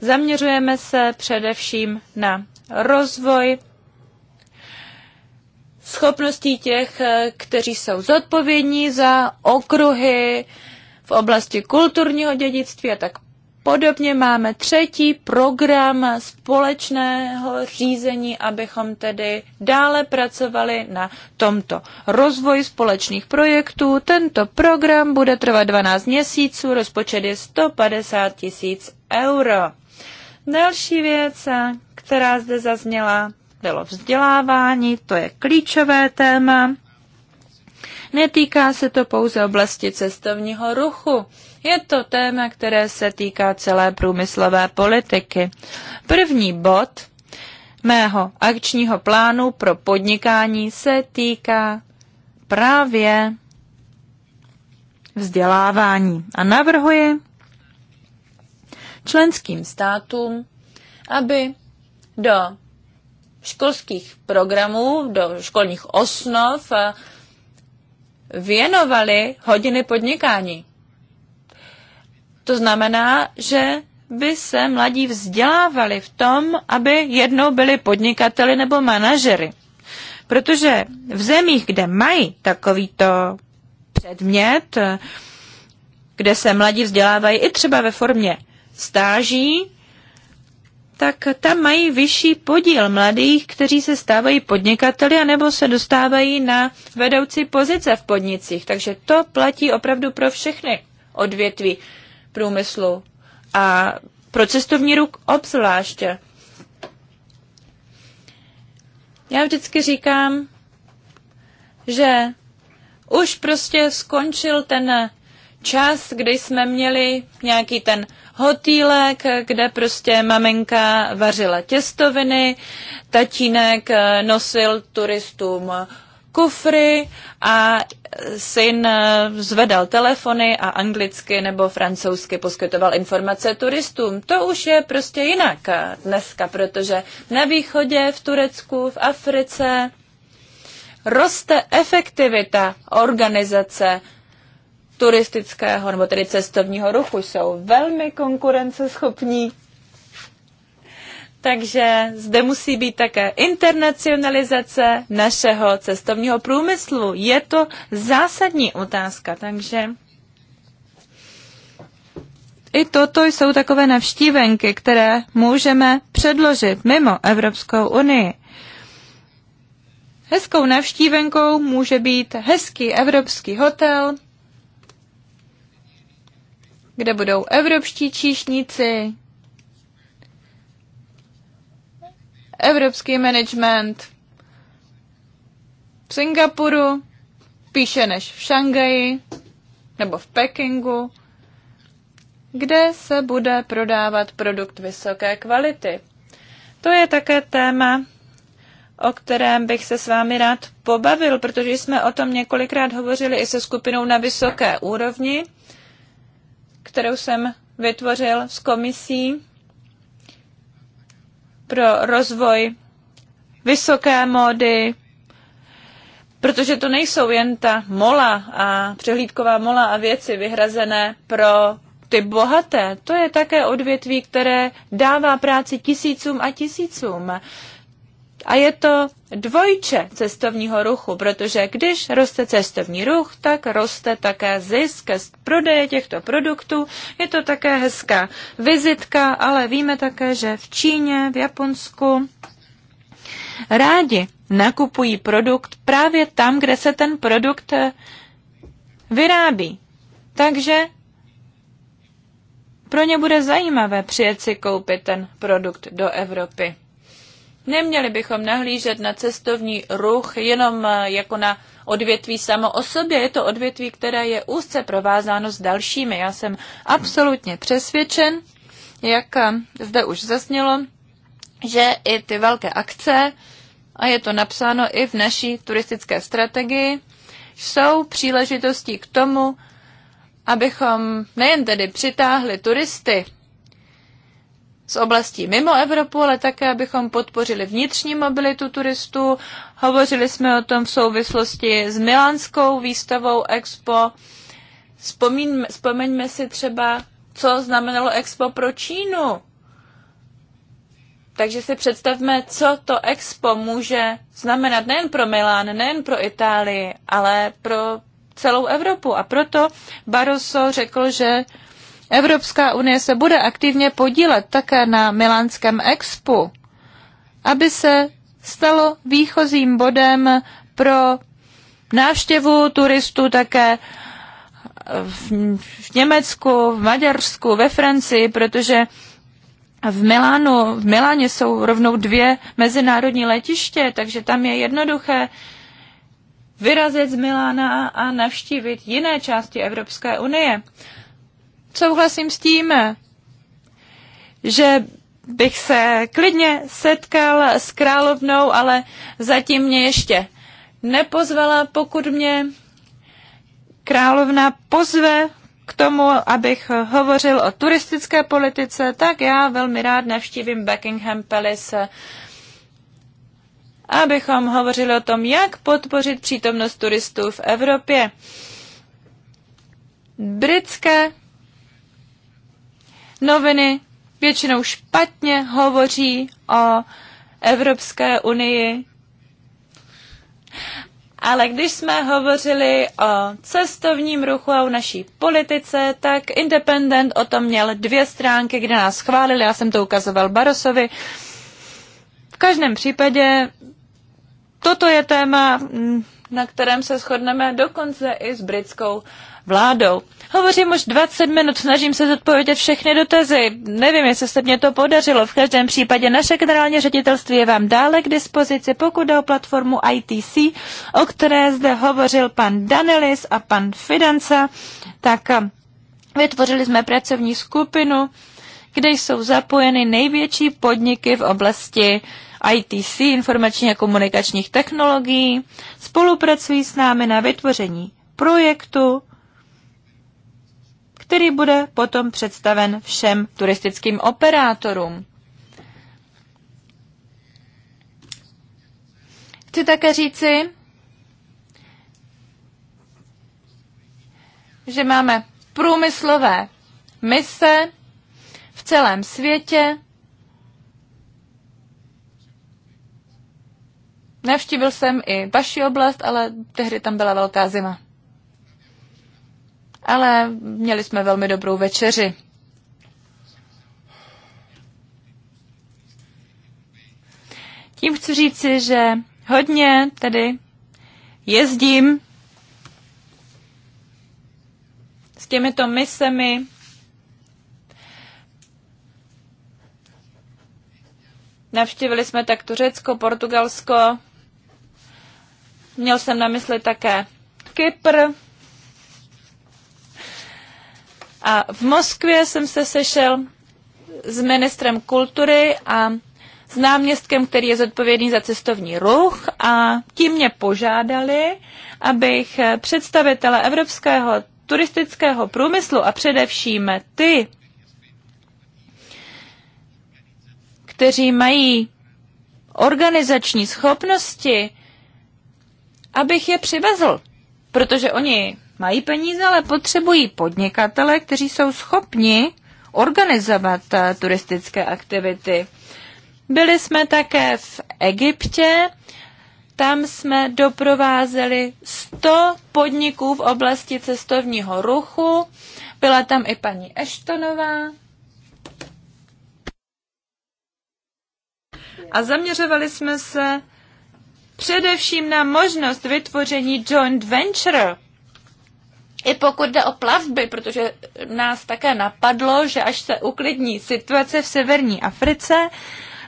Zaměřujeme se především na rozvoj schopností těch, eh, kteří jsou zodpovědní za okruhy v oblasti kulturního dědictví a tak Podobně máme třetí program společného řízení, abychom tedy dále pracovali na tomto rozvoji společných projektů. Tento program bude trvat 12 měsíců, rozpočet je 150 tisíc euro. Další věc, která zde zazněla, bylo vzdělávání, to je klíčové téma. Netýká se to pouze oblasti cestovního ruchu. Je to téma, které se týká celé průmyslové politiky. První bod mého akčního plánu pro podnikání se týká právě vzdělávání. A navrhuji členským státům, aby do školských programů, do školních osnov věnovali hodiny podnikání. To znamená, že by se mladí vzdělávali v tom, aby jednou byli podnikateli nebo manažery. Protože v zemích, kde mají takovýto předmět, eh, kde se mladí vzdělávají i třeba ve formě stáží, tak tam mají vyšší podíl mladých, kteří se stávají podnikateli anebo se dostávají na vedoucí pozice v podnicích. Takže to platí opravdu pro všechny odvětví průmyslu a pro cestovní ruk obzvláště. Já vždycky říkám, že už prostě skončil ten čas, kdy jsme měli nějaký ten hotýlek, kde prostě maminka vařila těstoviny, tatínek eh, nosil turistům kufry a syn eh, zvedal telefony a anglicky nebo francouzsky poskytoval informace turistům. To už je prostě jinak eh, dneska, protože na východě, v Turecku, v Africe roste efektivita organizace turistického nebo tedy cestovního ruchu jsou velmi konkurenceschopní. Takže zde musí být také internacionalizace našeho cestovního průmyslu. Je to zásadní otázka, takže i toto jsou takové navštívenky, které můžeme předložit mimo Evropskou unii. Hezkou navštívenkou může být hezký evropský hotel, kde budou evropští číšníci, evropský management v Singapuru, píše než v Šangaji nebo v Pekingu, kde se bude prodávat produkt vysoké kvality. To je také téma, o kterém bych se s vámi rád pobavil, protože jsme o tom několikrát hovořili i se skupinou na vysoké úrovni kterou jsem vytvořil s komisí pro rozvoj vysoké módy, protože to nejsou jen ta mola a přehlídková mola a věci vyhrazené pro ty bohaté. To je také odvětví, které dává práci tisícům a tisícům. A je to dvojče cestovního ruchu, protože když roste cestovní ruch, tak roste také zisk z prodeje těchto produktů. Je to také hezká vizitka, ale víme také, že v Číně, v Japonsku rádi nakupují produkt právě tam, kde se ten produkt eh, vyrábí. Takže pro ně bude zajímavé přijet si koupit ten produkt do Evropy. Neměli bychom nahlížet na cestovní ruch jenom eh, jako na odvětví samo o sobě. Je to odvětví, které je úzce provázáno s dalšími. Já jsem absolutně přesvědčen, jak eh, zde už zaznělo, že i ty velké akce, a je to napsáno i v naší turistické strategii, jsou příležitostí k tomu, abychom nejen tedy přitáhli turisty z oblastí mimo Evropu, ale také, abychom podpořili vnitřní mobilitu turistů. Hovořili jsme o tom v souvislosti s milánskou výstavou Expo. Vzpomeňme, vzpomeňme si třeba, co znamenalo Expo pro Čínu. Takže si představme, co to Expo může znamenat nejen pro Milán, nejen pro Itálii, ale pro celou Evropu. A proto Barroso řekl, že Evropská unie se bude aktivně podílet také na Milánském expu, aby se stalo výchozím bodem pro návštěvu turistů také v Německu, v Maďarsku, ve Francii, protože v Milánu, v Miláně jsou rovnou dvě mezinárodní letiště, takže tam je jednoduché vyrazit z Milána a navštívit jiné části Evropské unie souhlasím s tím, že bych se klidně setkal s královnou, ale zatím mě ještě nepozvala, pokud mě královna pozve k tomu, abych hovořil o turistické politice, tak já velmi rád navštívím Buckingham Palace, abychom hovořili o tom, jak podpořit přítomnost turistů v Evropě. Britské noviny většinou špatně hovoří o Evropské unii. Ale když jsme hovořili o cestovním ruchu a o naší politice, tak Independent o tom měl dvě stránky, kde nás chválili, já jsem to ukazoval Barosovi. V každém případě toto je téma, mm, na kterém se shodneme dokonce i s britskou vládou. Hovořím už 20 minut, snažím se zodpovědět všechny dotazy. Nevím, jestli se mě to podařilo. V každém případě naše generální ředitelství je vám dále k dispozici, pokud jde o platformu ITC, o které zde hovořil pan Danelis a pan Fidanca. Tak eh, vytvořili jsme pracovní skupinu, kde jsou zapojeny největší podniky v oblasti ITC, informační a komunikačních technologií. Spolupracují s námi na vytvoření projektu, který bude potom představen všem turistickým operátorům. Chci také říci, že máme průmyslové mise v celém světě. Navštívil jsem i vaši oblast, ale tehdy tam byla velká zima ale měli jsme velmi dobrou večeři. Tím chci říci, že hodně tedy jezdím s těmito misemi Navštívili jsme tak Turecko, Portugalsko. Měl jsem na mysli také Kypr, a v Moskvě jsem se sešel s ministrem kultury a s náměstkem, který je zodpovědný za cestovní ruch a ti mě požádali, abych představitele evropského turistického průmyslu a především ty, kteří mají organizační schopnosti, abych je přivezl, protože oni Mají peníze, ale potřebují podnikatele, kteří jsou schopni organizovat eh, turistické aktivity. Byli jsme také v Egyptě, tam jsme doprovázeli 100 podniků v oblasti cestovního ruchu. Byla tam i paní Eštonová. A zaměřovali jsme se především na možnost vytvoření joint venture i pokud jde o plavby, protože nás také napadlo, že až se uklidní situace v severní Africe,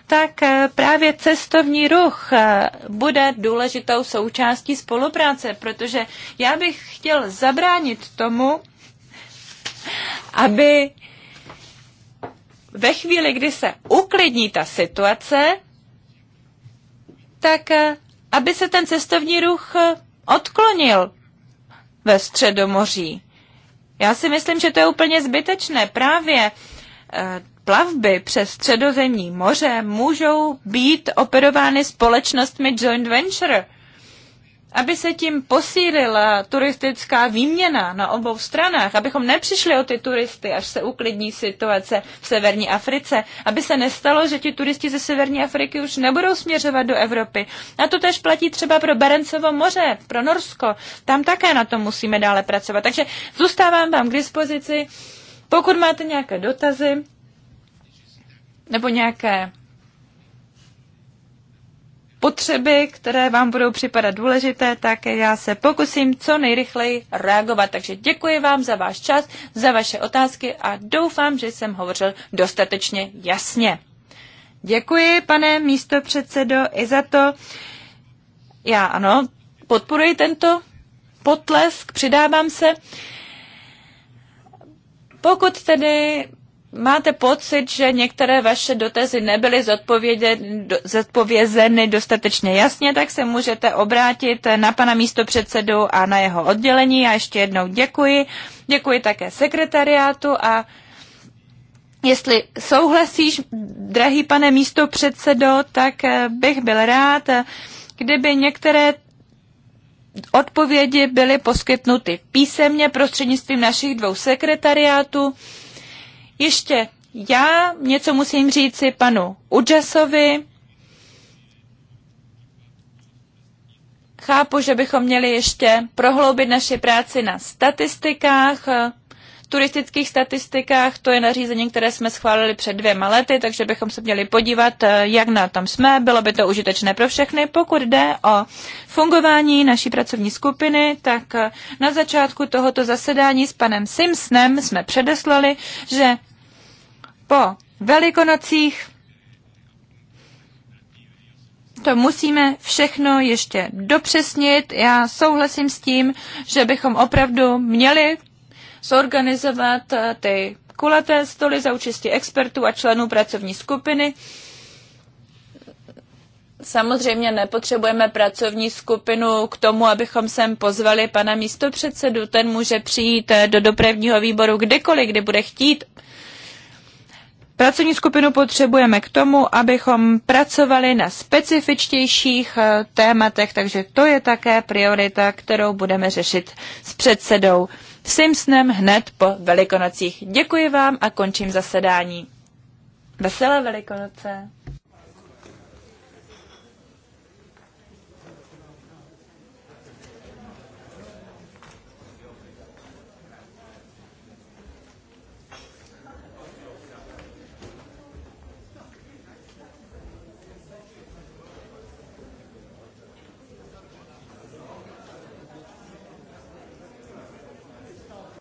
tak eh, právě cestovní ruch eh, bude důležitou součástí spolupráce, protože já bych chtěl zabránit tomu, aby ve chvíli, kdy se uklidní ta situace, tak eh, aby se ten cestovní ruch odklonil ve Středomoří. Já si myslím, že to je úplně zbytečné. Právě eh, plavby přes Středozemní moře můžou být operovány společnostmi joint venture – aby se tím posílila turistická výměna na obou stranách, abychom nepřišli o ty turisty, až se uklidní situace v severní Africe, aby se nestalo, že ti turisti ze severní Afriky už nebudou směřovat do Evropy. A to tež platí třeba pro Barencovo moře, pro Norsko. Tam také na tom musíme dále pracovat. Takže zůstávám vám k dispozici. Pokud máte nějaké dotazy nebo nějaké potřeby, které vám budou připadat důležité, tak já se pokusím co nejrychleji reagovat. Takže děkuji vám za váš čas, za vaše otázky a doufám, že jsem hovořil dostatečně jasně. Děkuji, pane místopředsedo, i za to. Já ano, podporuji tento potlesk, přidávám se. Pokud tedy máte pocit, že některé vaše dotazy nebyly zodpovězeny dostatečně jasně, tak se můžete obrátit na pana místopředsedu a na jeho oddělení. A ještě jednou děkuji. Děkuji také sekretariátu a Jestli souhlasíš, drahý pane místopředsedo, tak eh, bych byl rád, kdyby některé odpovědi byly poskytnuty písemně prostřednictvím našich dvou sekretariátů. Ještě já něco musím říci panu Udžasovi. Chápu, že bychom měli ještě prohloubit naši práci na statistikách, turistických statistikách. To je nařízení, které jsme schválili před dvěma lety, takže bychom se měli podívat, jak na tom jsme. Bylo by to užitečné pro všechny. Pokud jde o fungování naší pracovní skupiny, tak na začátku tohoto zasedání s panem Simpsonem jsme předeslali, že po velikonocích to musíme všechno ještě dopřesnit. Já souhlasím s tím, že bychom opravdu měli zorganizovat eh, ty kulaté stoly za účasti expertů a členů pracovní skupiny. Samozřejmě nepotřebujeme pracovní skupinu k tomu, abychom sem pozvali pana místopředsedu. Ten může přijít eh, do dopravního výboru kdekoliv, kdy bude chtít. Pracovní skupinu potřebujeme k tomu, abychom pracovali na specifičtějších eh, tématech, takže to je také priorita, kterou budeme řešit s předsedou Simpsonem hned po Velikonocích. Děkuji vám a končím zasedání. Veselé Velikonoce!